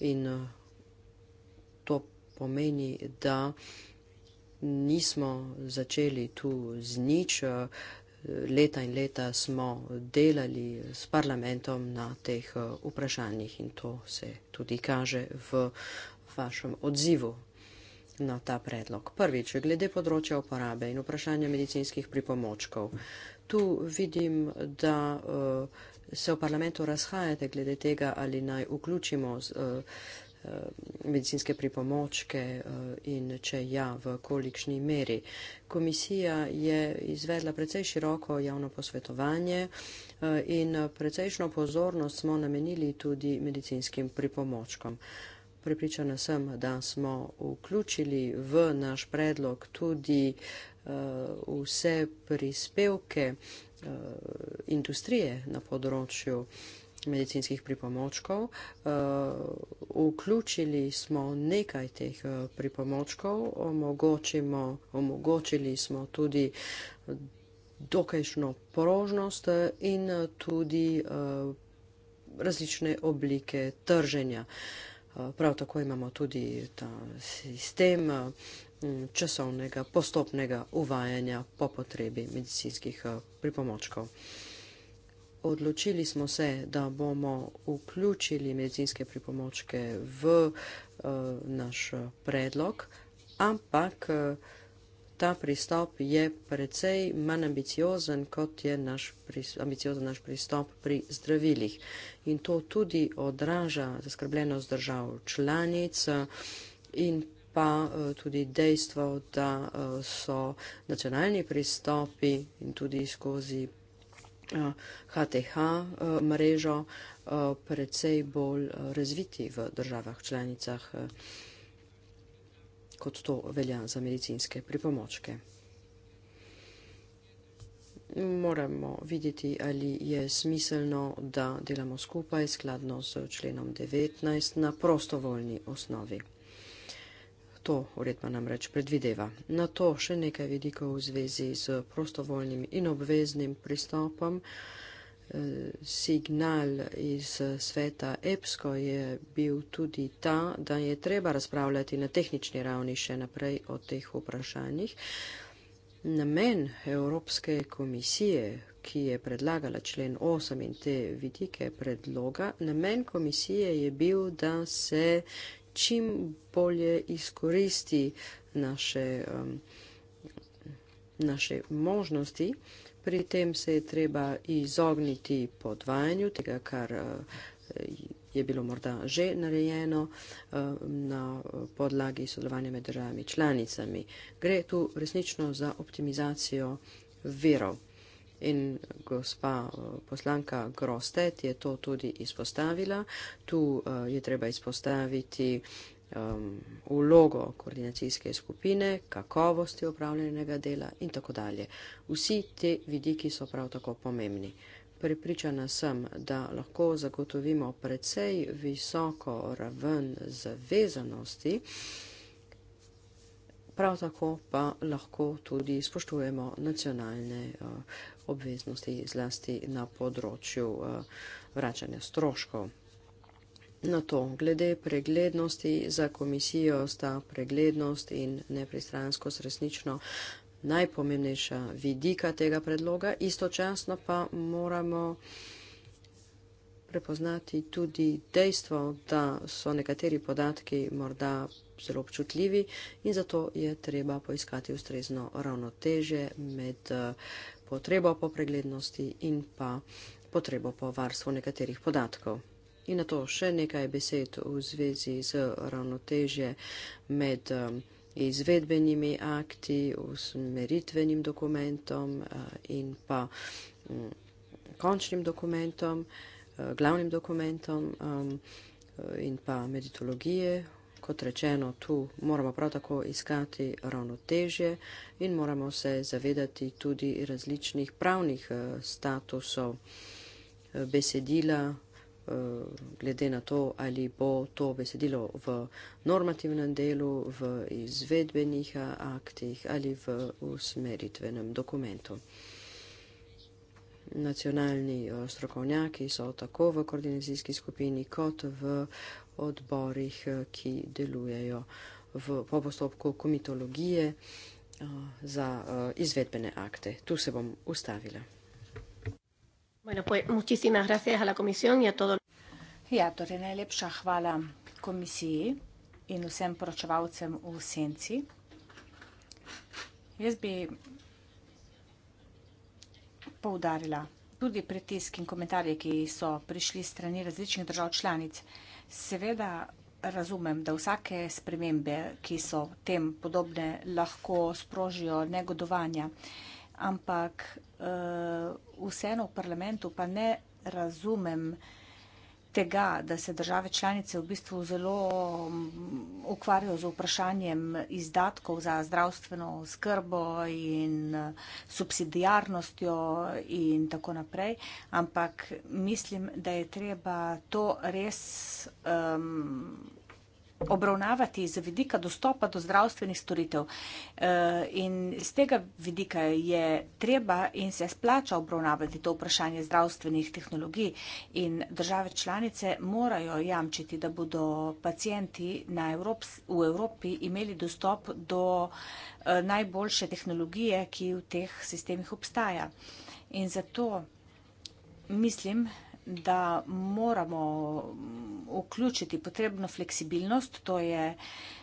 in to pomeni, da nismo začeli tu z nič, leta in leta smo delali s parlamentom na teh eh, vprašanjih in to se tudi kaže v vašem odzivu na ta predlog. Prvič, glede področja uporabe in vprašanja medicinskih pripomočkov. Tu vidim, da eh, se v parlamentu razhajate glede tega, ali naj vključimo. Z, eh, Eh, medicinske pripomočke eh, in če ja, v kolikšni meri. Komisija je izvedla precej široko javno posvetovanje eh, in precejšno pozornost smo namenili tudi medicinskim pripomočkom. Pripričana sem, da smo vključili v naš predlog tudi vse prispevke industrije na področju medicinskih pripomočkov. Eh, vključili smo nekaj teh eh, pripomočkov, omogočili smo tudi eh, dokajšno porožnost in tudi različne oblike trženja. Prav tako imamo tudi ta sistem časovnega postopnega uvajanja po potrebi medicinskih pripomočkov odločili smo se, da bomo vključili medicinske pripomočke v eh, naš predlog, ampak eh, ta pristop je precej manj ambiciozen, kot je naš, ambiciozen naš pristop pri zdravilih. In to tudi odraža zaskrbljenost držav članic eh, in pa tudi dejstvo, da so nacionalni pristopi in tudi skozi HTH eh, eh, mrežo eh, precej bolj razviti v državah članicah, kot to velja za medicinske pripomočke. Moramo videti, ali je smiselno, da delamo skupaj skladno s členom 19 na prostovoljni osnovi to uredba namreč predvideva. Na to še nekaj vidikov v zvezi z prostovoljnim in obveznim pristopom. E, signal iz sveta EPSCO je bil tudi ta, da je treba razpravljati na tehnični ravni še naprej o teh vprašanjih. Namen Evropske komisije, ki je predlagala člen 8 in te vidike predloga, namen komisije je bil, da se čim bolje izkoristi naše, um, naše možnosti. Pri tem se je treba izogniti podvajanju tega, kar uh, je bilo morda že narejeno um, na podlagi sodelovanja med državami članicami. Gre tu resnično za optimizacijo verov in gospa eh, poslanka Grostet je to tudi izpostavila. Tu eh, je treba izpostaviti ehm, vlogo koordinacijske skupine, kakovosti upravljenega dela in tako dalje. Vsi te vidiki so prav tako pomembni. Pripričana sem, da lahko zagotovimo precej visoko raven zavezanosti, prav tako pa lahko tudi spoštujemo nacionalne uh, obveznosti, zlasti na področju eh, vračanja stroškov. Na to, glede preglednosti za komisijo sta preglednost in nepristranskost resnično najpomembnejša vidika tega predloga, istočasno pa moramo prepoznati tudi dejstvo, da so nekateri podatki morda zelo občutljivi in zato je treba poiskati ustrezno ravnoteže med uh, potrebo po preglednosti in pa potrebo po varstvu nekaterih podatkov. In na to še nekaj besed v zvezi z ravnotežje med um, izvedbenimi akti, usmeritvenim dokumentom uh, in pa um, končnim dokumentom, uh, glavnim dokumentom um, uh, in pa meditologije kot rečeno, tu moramo prav tako iskati ravnotežje in moramo se zavedati tudi različnih pravnih eh, statusov eh, besedila, eh, glede na to, ali bo to besedilo v normativnem delu, v izvedbenih aktih ali v usmeritvenem dokumentu nacionalni eh, strokovnjaki so tako v koordinacijski skupini kot v odborih, eh, ki delujejo v, po postopku komitologije eh, za izvedbene akte. Tu se bom ustavila. Bueno, pues, a la y a todo... Ja, torej najlepša hvala komisiji in vsem poročevalcem v Senci. Jaz bi poudarila. Tudi pritisk in komentarje, ki so prišli strani različnih držav članic, seveda razumem, da vsake spremembe, ki so tem podobne, lahko sprožijo negodovanja, ampak uh, vseeno v parlamentu pa ne razumem, uh, tega, da se države članice v bistvu zelo mm, ukvarjajo z vprašanjem izdatkov za zdravstveno skrbo in eh, subsidijarnostjo in tako naprej, ampak mislim, da je treba to res. Um, obravnavati z vidika dostopa do zdravstvenih storitev. Eh, in z tega vidika je treba in se splača obravnavati to vprašanje zdravstvenih tehnologij in države članice morajo jamčiti, da bodo pacijenti v Evropi imeli dostop do eh, najboljše tehnologije, ki v teh sistemih obstaja. In zato mislim, da moramo mm, vključiti potrebno fleksibilnost. To je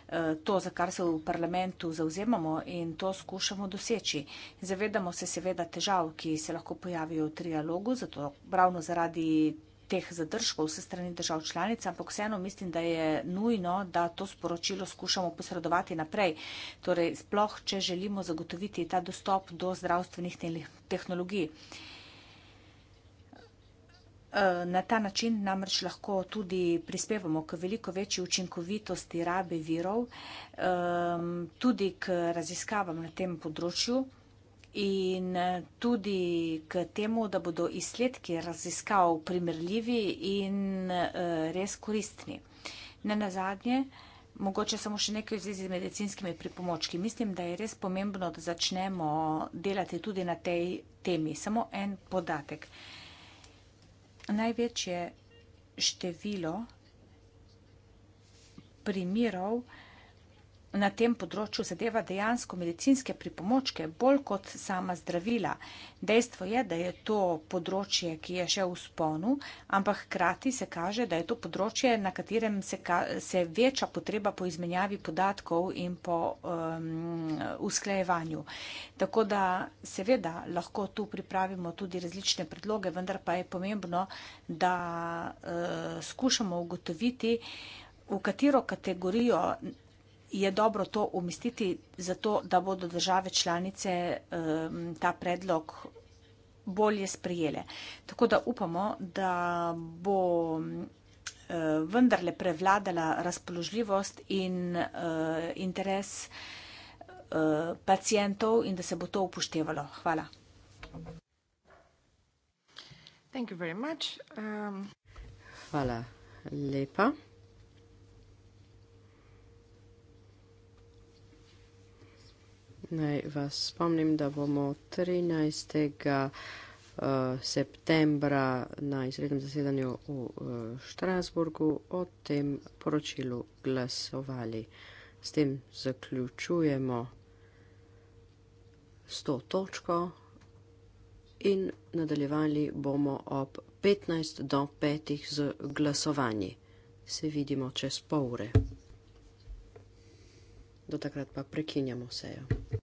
eh, to, za kar se v parlamentu zauzemamo in to skušamo doseči. Zavedamo se seveda težav, ki se lahko pojavijo v trialogu, zato ravno zaradi teh zadržkov vse strani držav članic, ampak vseeno mislim, da je nujno, da to sporočilo skušamo posredovati naprej. Torej, sploh, če želimo zagotoviti ta dostop do zdravstvenih tehnologij. Uh, Eh, na ta način namreč lahko tudi prispevamo k veliko večji učinkovitosti rabe virov, ehm, tudi k raziskavam na tem področju in eh, tudi k temu, da bodo izsledki raziskav primerljivi in eh, res koristni. Ne na zadnje, mogoče samo še nekaj v zvezi z medicinskimi pripomočki. Mislim, da je res pomembno, da začnemo delati tudi na tej temi. Samo en podatek največje število primerov na tem področju zadeva dejansko medicinske pripomočke bolj kot sama zdravila. Dejstvo je, da je to področje, ki je še v sponu, ampak hkrati se kaže, da je to področje, na katerem se, ka, se veča potreba po izmenjavi podatkov in po um, usklejevanju. Tako da seveda lahko tu pripravimo tudi različne predloge, vendar pa je pomembno, da uh, skušamo ugotoviti, v katero kategorijo je dobro to umestiti, zato da bodo države članice ta predlog bolje sprejele. Tako da upamo, da bo vendarle prevladala razpoložljivost in eh, interes eh, pacijentov in da se bo to upoštevalo. Hvala. Thank you very much. Um... Hvala lepa. naj vas spomnim, da bomo 13. Eh, septembra na izrednem zasedanju v eh, Štrasburgu o tem poročilu glasovali. S tem zaključujemo s to točko in nadaljevali bomo ob 15 do 5 z glasovanji. Se vidimo čez pol ure. Do takrat pa prekinjamo sejo.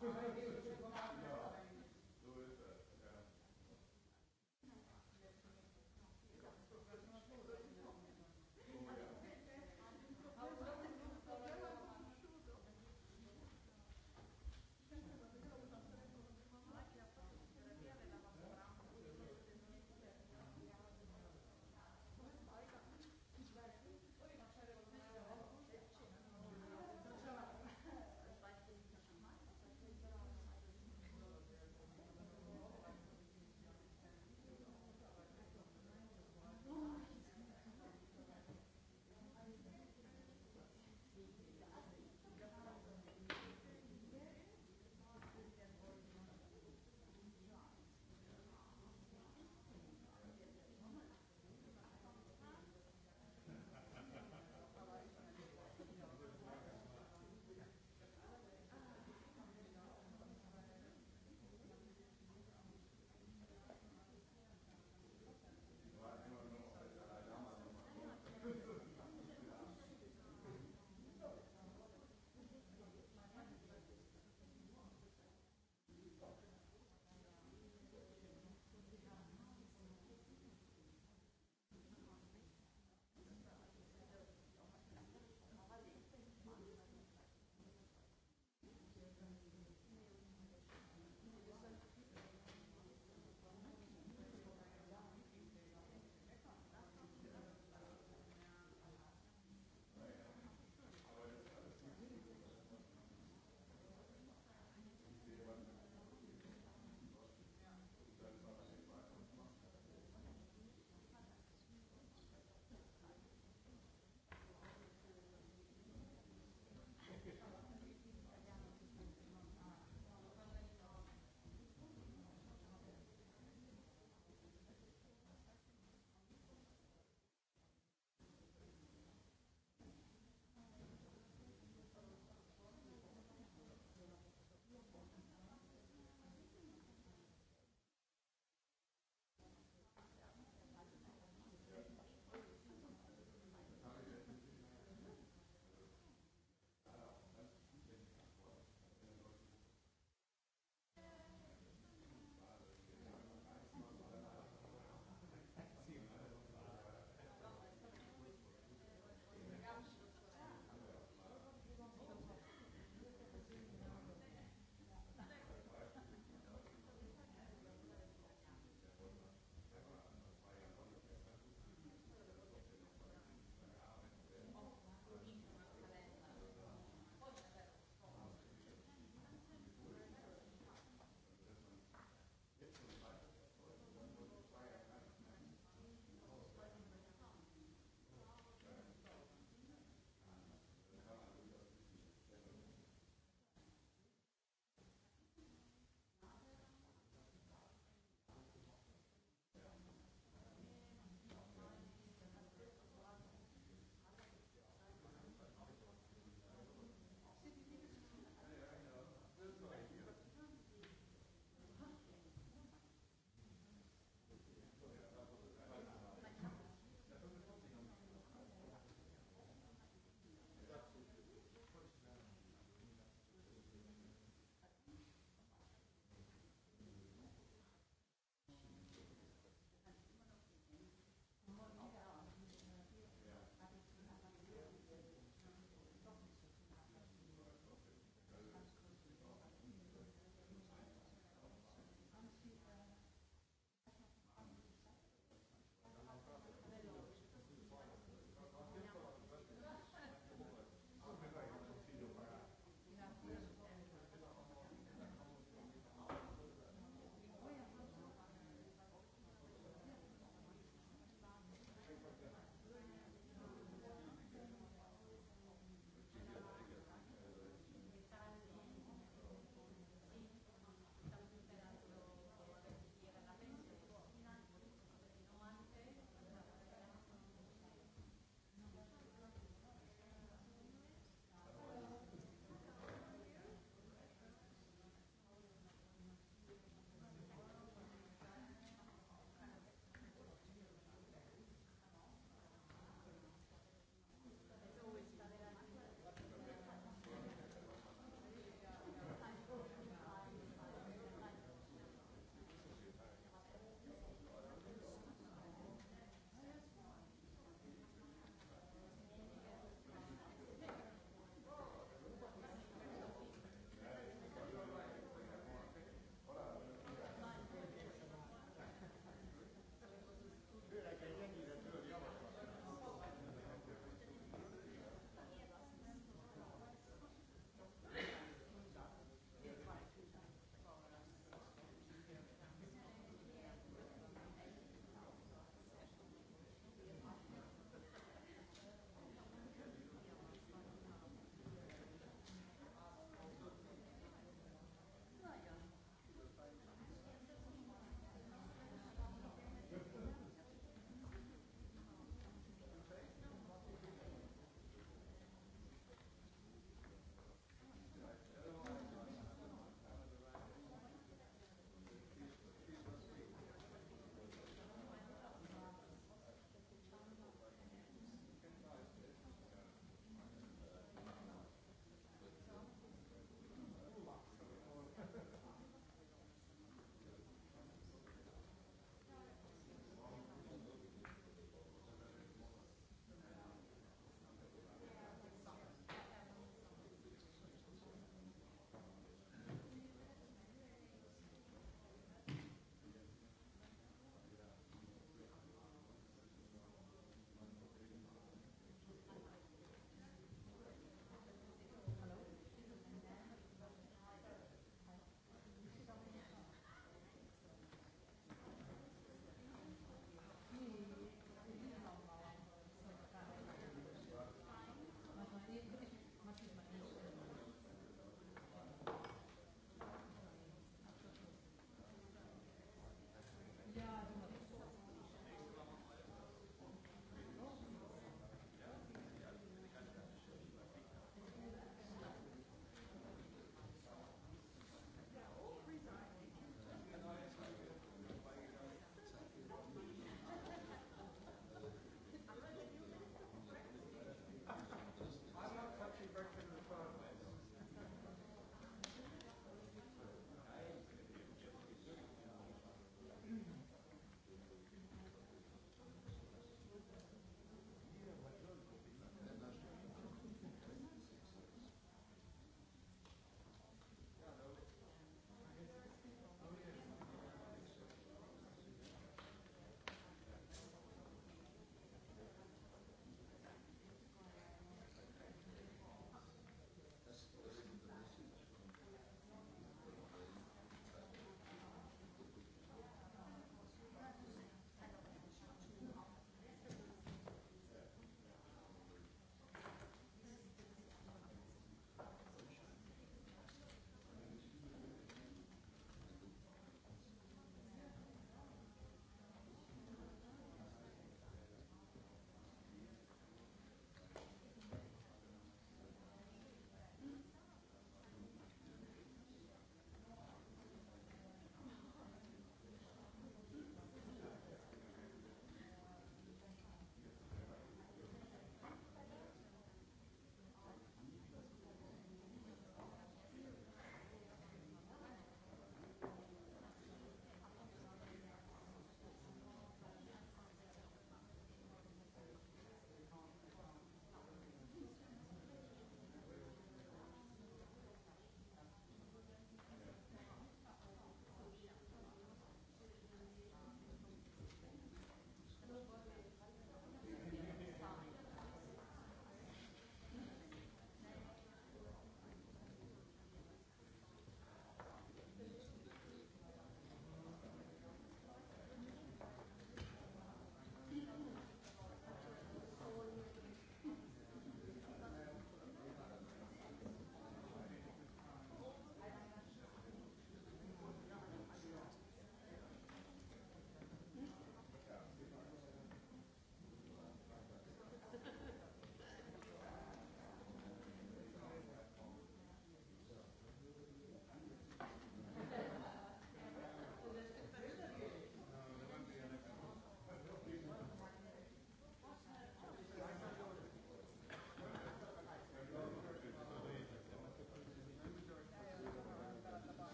Thank you.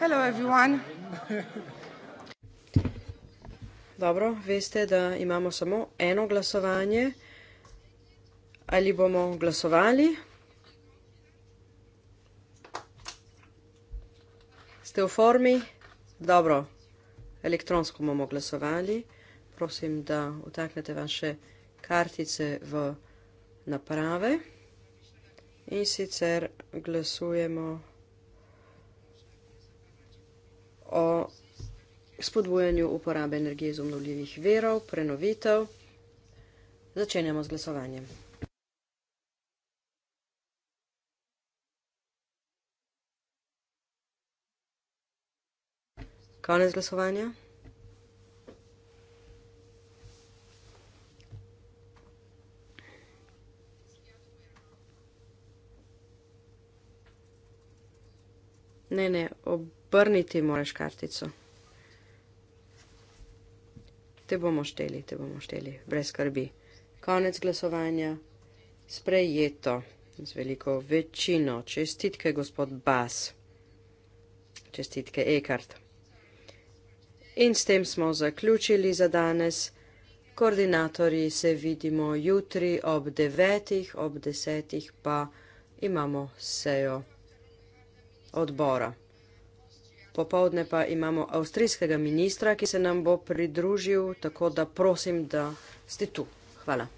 Hello everyone. Dobro, veste, da imamo samo eno glasovanje. Ali bomo glasovali? Ste v formi? Dobro, elektronsko bomo glasovali. Prosim, da vtaknete vaše kartice v naprave. In sicer glasujemo. o spodbujanju uporabe energije iz obnovljivih verov, prenovitev. Začenjamo z glasovanjem. Konec glasovanja. Ne, ne, ob obrniti moraš kartico. Te bomo šteli, te bomo šteli, brez skrbi. Konec glasovanja. Sprejeto. Z veliko večino. Čestitke, gospod Bas. Čestitke, Ekart. In s tem smo zaključili za danes. Koordinatorji se vidimo jutri ob devetih, ob desetih pa imamo sejo odbora popovdne pa imamo avstrijskega ministra, ki se nam bo pridružil, tako da prosim, da ste tu. Hvala.